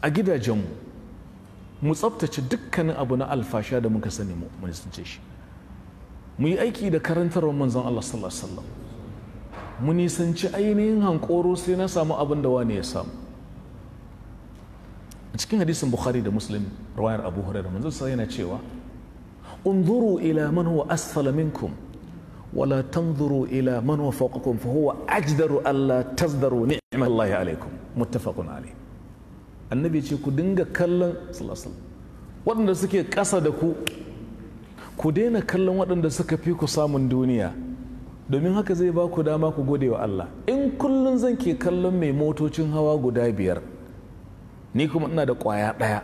a gidajenmu mu tsabtace dukkanin abu na alfasha da muka sani mu nisance shi mu yi aiki da karantarwar manzan Allah sallallahu alaihi mu nisanci ainihin hankoro sai na samu abin da wani ya samu a cikin hadisin bukhari da muslim rawayar abu hurairah manzon sallallahu yana cewa انظروا إلى من هو أسفل منكم ولا تنظروا إلى من هو فوقكم فهو أجدر ألا تزدروا نعمة الله عليكم متفق عليه annabi ce ku dinga kallon sallallahu suke ƙasa da ku ku daina kallon waɗanda suka fi ku samun duniya domin haka zai ba ku dama ku gode wa Allah in kullum zan ke kallon mai motocin hawa guda biyar ni kuma ina da ƙwaya ɗaya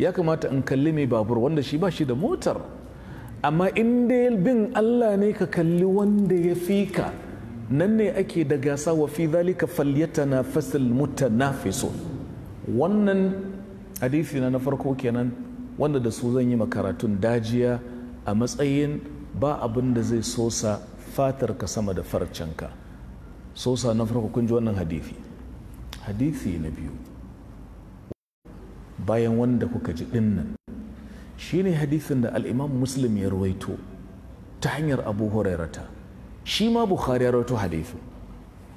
ya kamata in kalli mai babur wanda shi ba shi da motar amma in dai bin Allah ne ka kalli wanda ya fi ka nan ne ake da gasa wa fi zalika na fasil mutanafisun wannan hadisi na na farko kenan wanda da su zan yi makaratun dajiya a matsayin ba abin da zai sosa fatar ka sama da farcenka sosa na farko kun ji wannan hadisi hadisi na biyu bayan wanda kuka ji dinnan shine hadithin da al'imam muslim ya ruwaito ta hanyar abu hurairata shi ma bukhari ya rawaito hadithin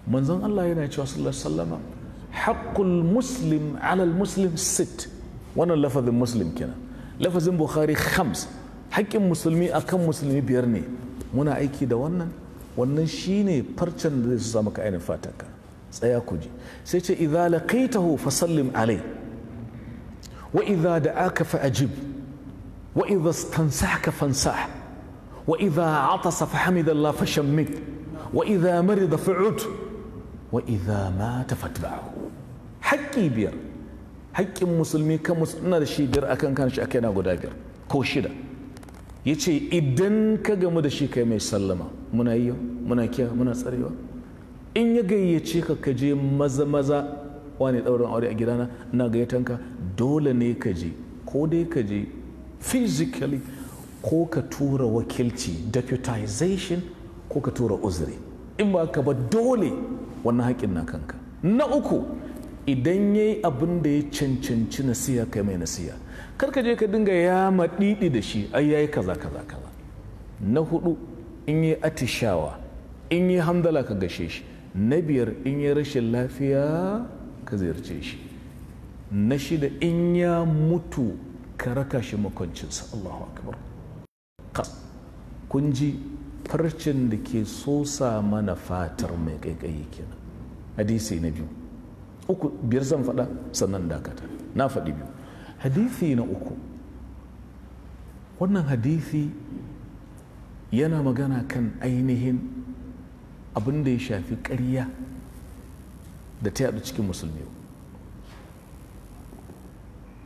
manzon allah yana cewa sallallahu sallama haƙƙul muslim alal muslim sit wannan lafazin muslim kenan lafazin bukhari khams haƙƙin musulmi akan musulmi biyar ne muna aiki da wannan wannan shine farcen da zai sa maka ainihin fataka. tsaya ku ji sai ce idza laqaitahu fasallim alai wa idza da'aka fa ajib وإذا استنسحك فانسح وإذا عطس فحمد الله فشمت وإذا مرض فعد وإذا مات فاتبعه حقي بير حق مسلمي كم مسلمنا da shi biyar akan kan shi ake na guda biyar ko shida yace ce idan ka gamu shi kai mai sallama muna yi muna kiya muna tsarewa in ya gayyace ka kaje je maza maza wani ɗaurin aure a gidana na gayyatanka dole ne ka je ko dai ka je physically ko ka tura wakilci deputization ko ka tura uzuri in ba ka ba dole wannan haƙin na kanka na uku idan ya yi abin da ya cancanci nasiya kai mai nasiya karka je ka dinga ya maɗiɗi da shi ai ya yi kaza kaza kaza na hudu in yi atishawa in yi hamdala ka gashe shi na biyar in yi rashin lafiya ka ziyarce shi na shida in ya mutu ka raka shi makwancinsa Allahu akbar kun ji farcin da ke sosa mana fatar mai kaikayi kenan hadisi na biyu uku biyar zan faɗa sannan dakata na faɗi biyu hadisi na uku wannan hadisi yana magana kan ainihin abin da ya shafi ƙarya da ta yaɗu cikin musulmi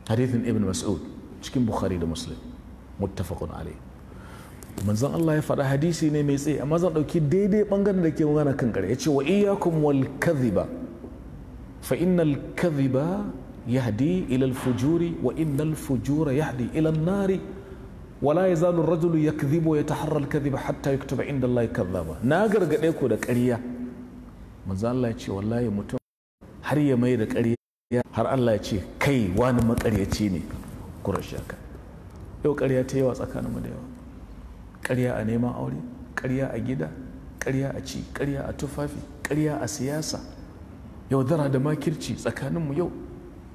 hadithin ibn mas'ud cikin bukhari da muslim muttafaqun alai manzon Allah ya faɗa hadisi ne mai tsaye amma zan ɗauki daidai ɓangaren da ke magana kan ƙarya ya ce wa iyakum wal kadhiba fa innal kadhiba yahdi ila al fujuri wa innal fujura yahdi ila an nari wala yazalu ar rajulu yakdhibu wa yataharra al kadhiba hatta yuktaba inda Allah kadhaba na gargade ku da ƙarya manzon Allah ya ce wallahi mutum har ya mai da ƙarya har Allah ya ce kai wani makaryaci ne kurar yau karya ta yawa mu da yawa karya a neman aure karya a gida karya a ci karya a tufafi karya a siyasa yaudara da makirci tsakanin mu yau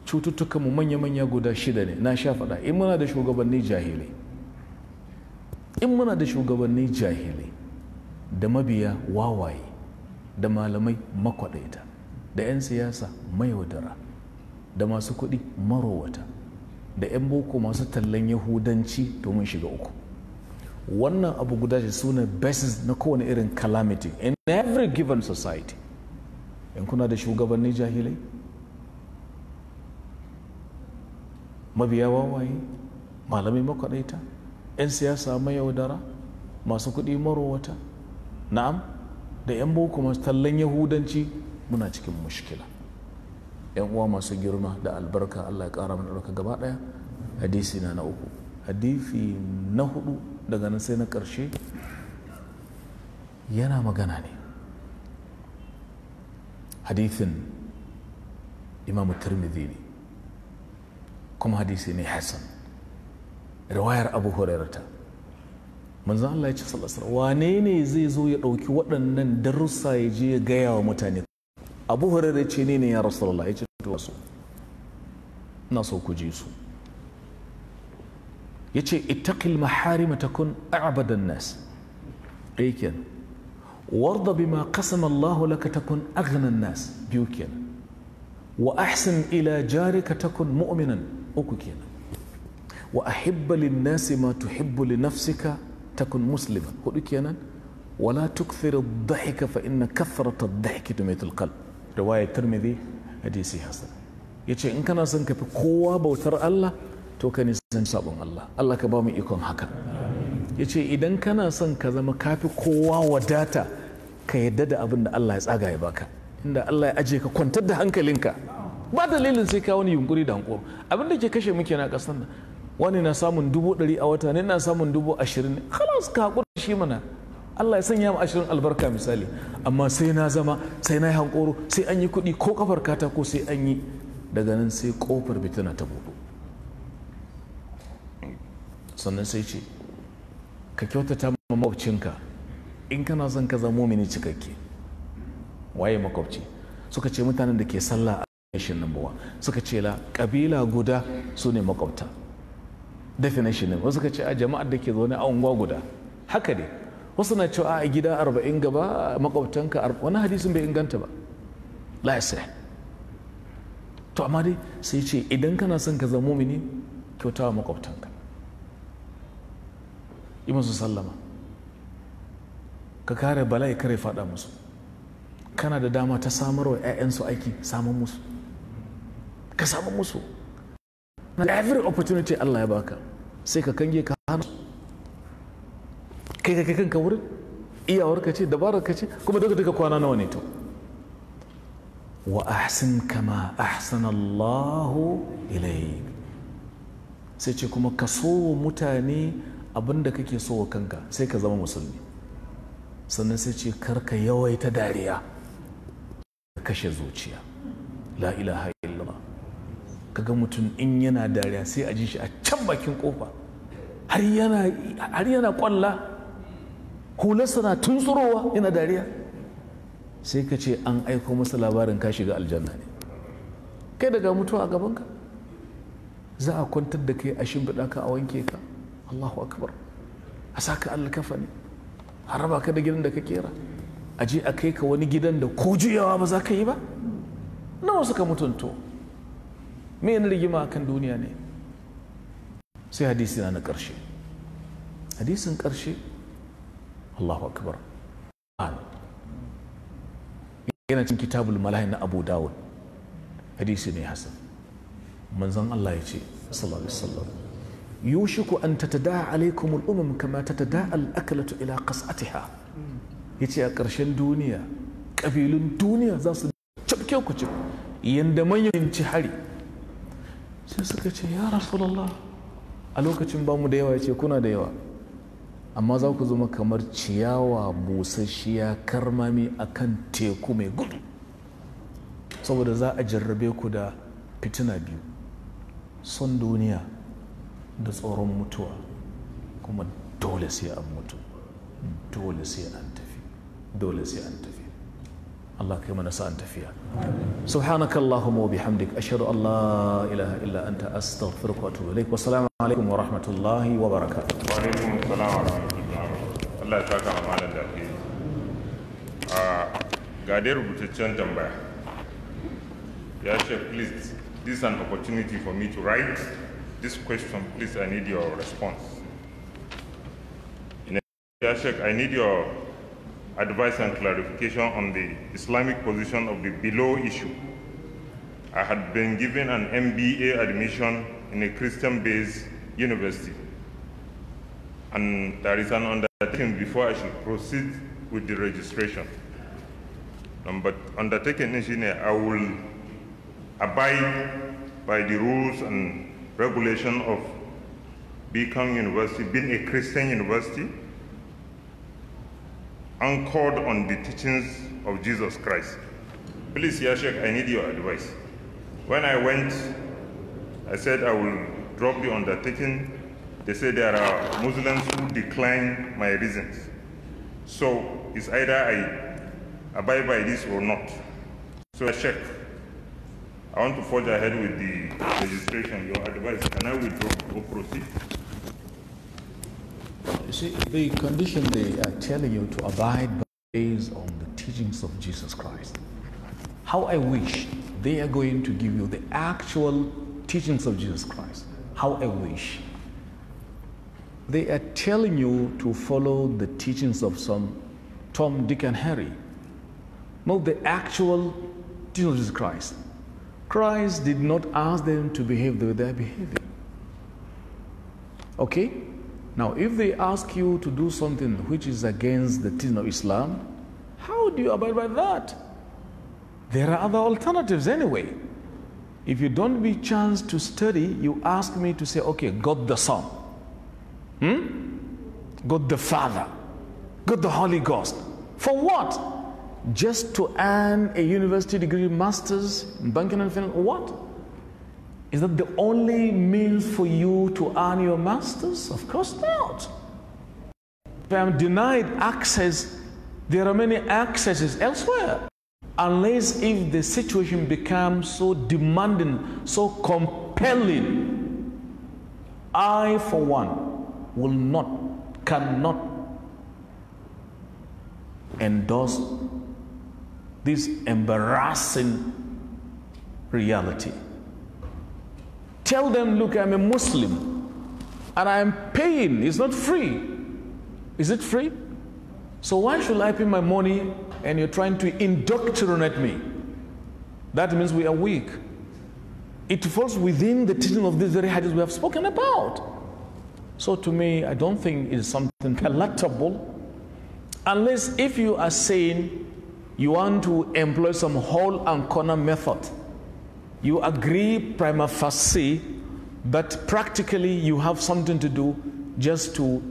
cututtukanmu manya-manya guda shida ne na sha faɗa in muna da shugabanni jahilai in muna da shugabanni jahilai da mabiya wawaye da malamai makwaɗaita da 'yan siyasa mayaudara da masu kuɗi marowata da 'yan boko masu tallan yahudanci domin shiga uku wannan abu guda shi suna basis na kowane irin calamity in every given society in kuna da shugabanni jahilai mabiya wawaye malamai makwaɗaita 'yan siyasa mayaudara masu kuɗi marowata na'am da 'yan boko masu tallan yahudanci muna cikin mushkila yan uwa masu girma da albarka Allah ya kara mana ɗauka gaba ɗaya hadisi na na uku hadisi na hudu daga nan sai na ƙarshe yana magana ne hadithin imam tirmidhi ne kuma hadisi ne hassan riwayar abu hurairata manzo Allah ya ce salasar wane ne zai zo ya ɗauki waɗannan darussa ya je ya gaya wa mutane abu hurairar ce ne ya rasulallah ya ce to su na so ku ji su ya ce ittaqil maharima takun a'badan nas ɗaya kenan warda bima qasama Allah laka takun aghnan nas biyu kenan wa ahsin ila jarika takun mu'minan uku kenan wa ahibba lin nasi ma tuhibbu li nafsika takun musliman hudu kenan wala tukthir ad-dhahika fa inna kathrata ad-dhahki tumitul qalb riwayar tirmidhi hadisi hasan ya ce in kana son ka fi kowa bautar Allah to ka san sabon Allah Allah ka ba mu ikon haka yace idan kana son ka zama ka fi kowa wadata ka yadda da abin da Allah ya tsaga ya baka inda Allah ya aje ka kwantar da hankalinka ba dalilin sai ka wani yunkuri da hankoro abin da ke kashe muke na kasan nan wani na samun dubu ɗari a wata ne na samun dubu ashirin halas ka haƙura shi mana Allah ya sanya mu ashirin albarka misali amma sai na zama sai na yi hankoro sai an yi kuɗi ko kafar katako sai an yi daga nan sai kofar fitina ta buɗu sannan sai ce ka kyautata ma makwabcinka in kana son ka zama mini cikakke waye makwabci suka ce mutanen da ke sallah a definition number buwa suka ce la kabila guda su ne makwabta definition wasu suka ce a jama'ar da ke zaune a unguwa guda haka dai wasu na cewa a gida arba'in gaba makwabtanka wani hadisin bai inganta ba la ya to amma dai sai ce idan kana son ka zama mumini kyauta wa makwabtanka yi musu sallama ka kare bala'i kare fada musu kana da dama ta samar wa 'ya'yansu aiki samun musu ka samun musu na every opportunity Allah ya baka sai ka kange ka hana kai ka kanka wurin iyawar ka ce dabarar ka ce kuma duka duka kwana nawa ne to wa ahsin kama ahsan Allahu ilai sai ce kuma ka so wa mutane abinda kake so wa kanka sai ka zama musulmi sannan sai ce karka yawaita dariya kashe zuciya la ilaha illallah kaga mutum in yana dariya sai a ji shi a can bakin kofa har yana kwalla hularsa na tunsurowa yana dariya sai ka ce an aiko masa labarin ka shiga aljanna ne kai daga mutuwa a gabanka za a kwantar da kai a shimfiɗa ka a wanke ka allahu akbar a sa ka alkafa ne a raba ka da gidan da ka kera a je a kai ka wani gidan da ko juyawa ba za ka yi ba Na wasu ka mutunto me yana rigima kan duniya ne sai hadisi na na ƙarshe hadisin ƙarshe Allahu akbar yana cin kitabul malahi na Abu Dawud hadisi ne Hassan. manzon Allah ya ce sallallahu alaihi wasallam yushiku an tatada'a alaikum al-umam kama tatada'a al ila qas'atiha yace a ƙarshen duniya ƙabilun duniya za su cafke ku ci yanda manyan ci hari sai suka ce ya rasulallah. a lokacin ba mu da yawa ya ce kuna da yawa amma za ku zama kamar ciyawa busasshiya karmami a kan teku mai gudu saboda za a jarrabe ku da fitina biyu son duniya da tsoron mutuwa kuma dole sai an mutu dole sai an tafi dole sai an tafi Allah kai mana sa'an tafiya سبحانك اللهم وبحمدك أشهد أن لا إله إلا أنت أستغفرك وأتوب إليك والسلام عليكم ورحمة الله وبركاته وعليكم السلام ورحمة الله وبركاته الله يسعدك على مال الدافئ غادر بتشن تنبا يا شيخ please this is an opportunity for me to write this question please I need your response يا شيخ I need your advice and clarification on the Islamic position of the below issue. I had been given an MBA admission in a Christian-based university. And there is an undertaking before I should proceed with the registration. But undertaking engineer, I will abide by the rules and regulation of Beacon University, being a Christian university, anchored on the teachings of Jesus Christ. Please, Yashik, I need your advice. When I went, I said I will drop the undertaking. They said there are Muslims who decline my reasons. So it's either I abide by this or not. So Yashik, I want to forge ahead with the registration. Your advice, can I withdraw or proceed? You see, the condition they are telling you to abide by based on the teachings of Jesus Christ. How I wish they are going to give you the actual teachings of Jesus Christ. How I wish. They are telling you to follow the teachings of some Tom, Dick, and Harry, not the actual teachings of Jesus Christ. Christ did not ask them to behave the way they are behaving. Okay? Now, if they ask you to do something which is against the teaching of Islam, how do you abide by that? There are other alternatives anyway. If you don't be chance to study, you ask me to say, okay, God the Son, hmm? God the Father, God the Holy Ghost. For what? Just to earn a university degree, master's, banking and finance, what? Is that the only means for you to earn your masters? Of course not. If I am denied access, there are many accesses elsewhere. Unless if the situation becomes so demanding, so compelling, I for one will not, cannot endorse this embarrassing reality. Tell them, look, I'm a Muslim and I'm paying. It's not free. Is it free? So why should I pay my money and you're trying to indoctrinate me? That means we are weak. It falls within the teaching of these very hadiths we have spoken about. So to me, I don't think it's something palatable. Unless if you are saying you want to employ some hole and corner method you agree prima facie, but practically you have something to do just to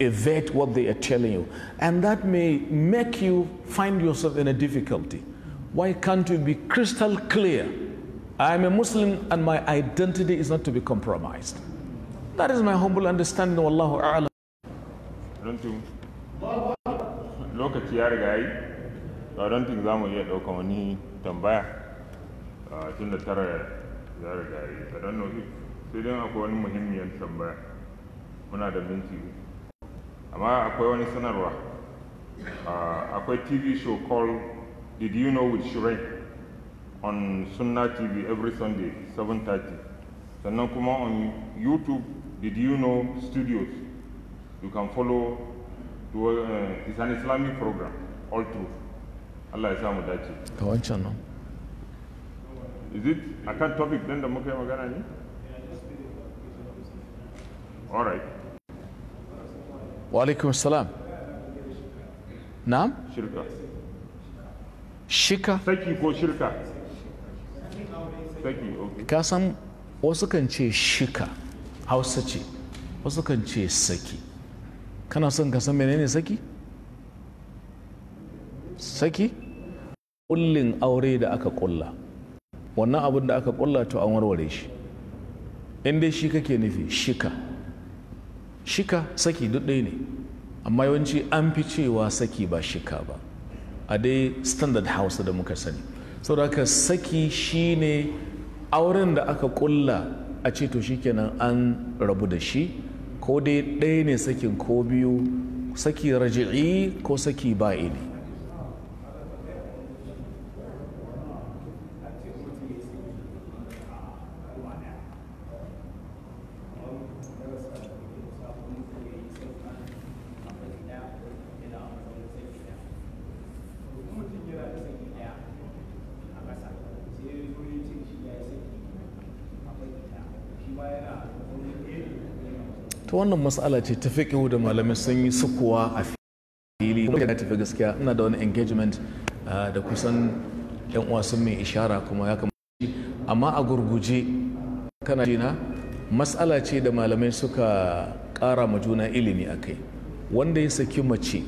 evade what they are telling you. And that may make you find yourself in a difficulty. Why can't you be crystal clear? I'm a Muslim and my identity is not to be compromised. That is my humble understanding of Allah. Lokaci ya riga yi, don tun za mu iya ɗauka wani tambaya. a tun da tara ya riga yi sadan nau'i sai dai akwai wani muhimmiyar tambaya muna da minti amma akwai wani sanarwa akwai tv show called did you know with shirai on Sunna TV every Sunday, 7.30. Sannan kuma on YouTube, Did You Know Studios, you can follow, to, uh, it's an Islamic program, all through. Allah ya samu dace. Ka wancan nan. is it kan topic din da muka yi magana ne eh? all right wa salam. na na'am shirka shika saki ko shirka saki okay ka san wasu kan ce shika hausa ce wasu kan ce saki kana son ka san menene saki saki ƙullin aure da aka ƙulla. wannan abin da aka kulla to an warware shi in dai shi kake nufi shika shika saki duk ɗaya ne amma yawanci an fi cewa saki ba shika ba a dai standard hausa da muka sani saboda haka saki shine auren da aka kulla a ce to shikenan an rabu da shi ko dai ɗaya ne sakin ko biyu saki raji'i ko saki ba'ini ta wannan matsala ce ta fiƙihu da malamai sun yi sukuwa a fili kuma ya tafi gaskiya ina da wani engagement ah, da kusan yan uwa sun mai ishara kuma ya kamaci amma a gurguje kana jina matsala ce da malamai suka kara ma juna ilimi a kai wanda ya saki mace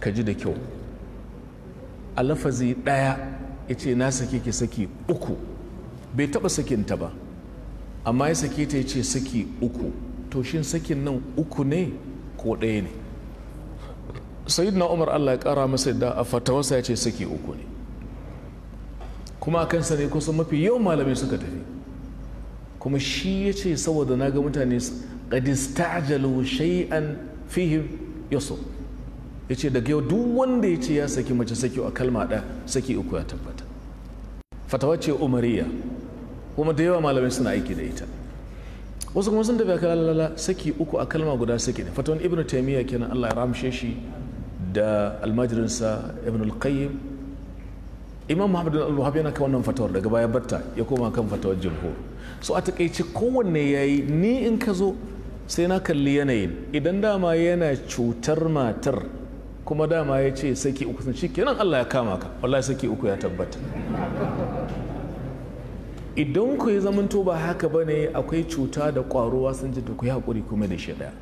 ka ji da kyau a lafazi ɗaya ya ce na saki ki saki uku bai taɓa sakinta ba amma ya sake ta ya ce saki uku to shin sakin nan uku ne ko ɗaya ne sayyidina umar allah ya kara masa da a fatawarsa ya ce saki uku ne kuma a kansa ne kusan mafi yawan malamai suka tafi kuma shi ya ce saboda na ga mutane ƙadistajalu shay'an fihim yaso ya ce daga yau duk wanda ya ce ya saki mace saki a kalma saki uku ya tabbata fatawa ce umariya kuma da yawa malamai suna aiki da ita wasu kuma sun tafi a lalala saki uku a kalma guda saki ne fatawan ibn taimiyya kenan allah ya ramshe shi da almajirinsa ibn al-qayyim imam muhammad al-wahab yana kan wannan fatawar daga baya batta ya koma kan fatawar jumhur so a takaice kowanne yayi ni in ka zo sai na kalli yanayin idan dama yana cutar matar kuma dama ya ce saki uku sun shi kenan allah ya kama ka wallahi saki uku ya tabbata idan ku yi zamanto ba haka ba ne akwai cuta da kwarowa sun ji ku yi haƙuri kuma da shi ɗaya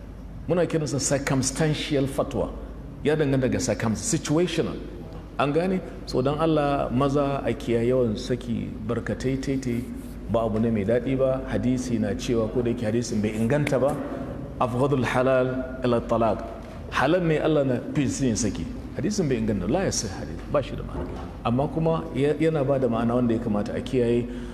muna kiransa circumstantial fatwa ya danganta daga circum situational an gane so don allah maza a kiyaye yawan saki barkatai taita ba abu ne mai daɗi ba hadisi na cewa ko da yake hadisin bai inganta ba afghadul halal ila talaq halal ne allah na fisin saki hadisin bai inganta la ya sai hadisi ba shi da ma'ana amma kuma yana ba da ma'ana wanda ya kamata a kiyaye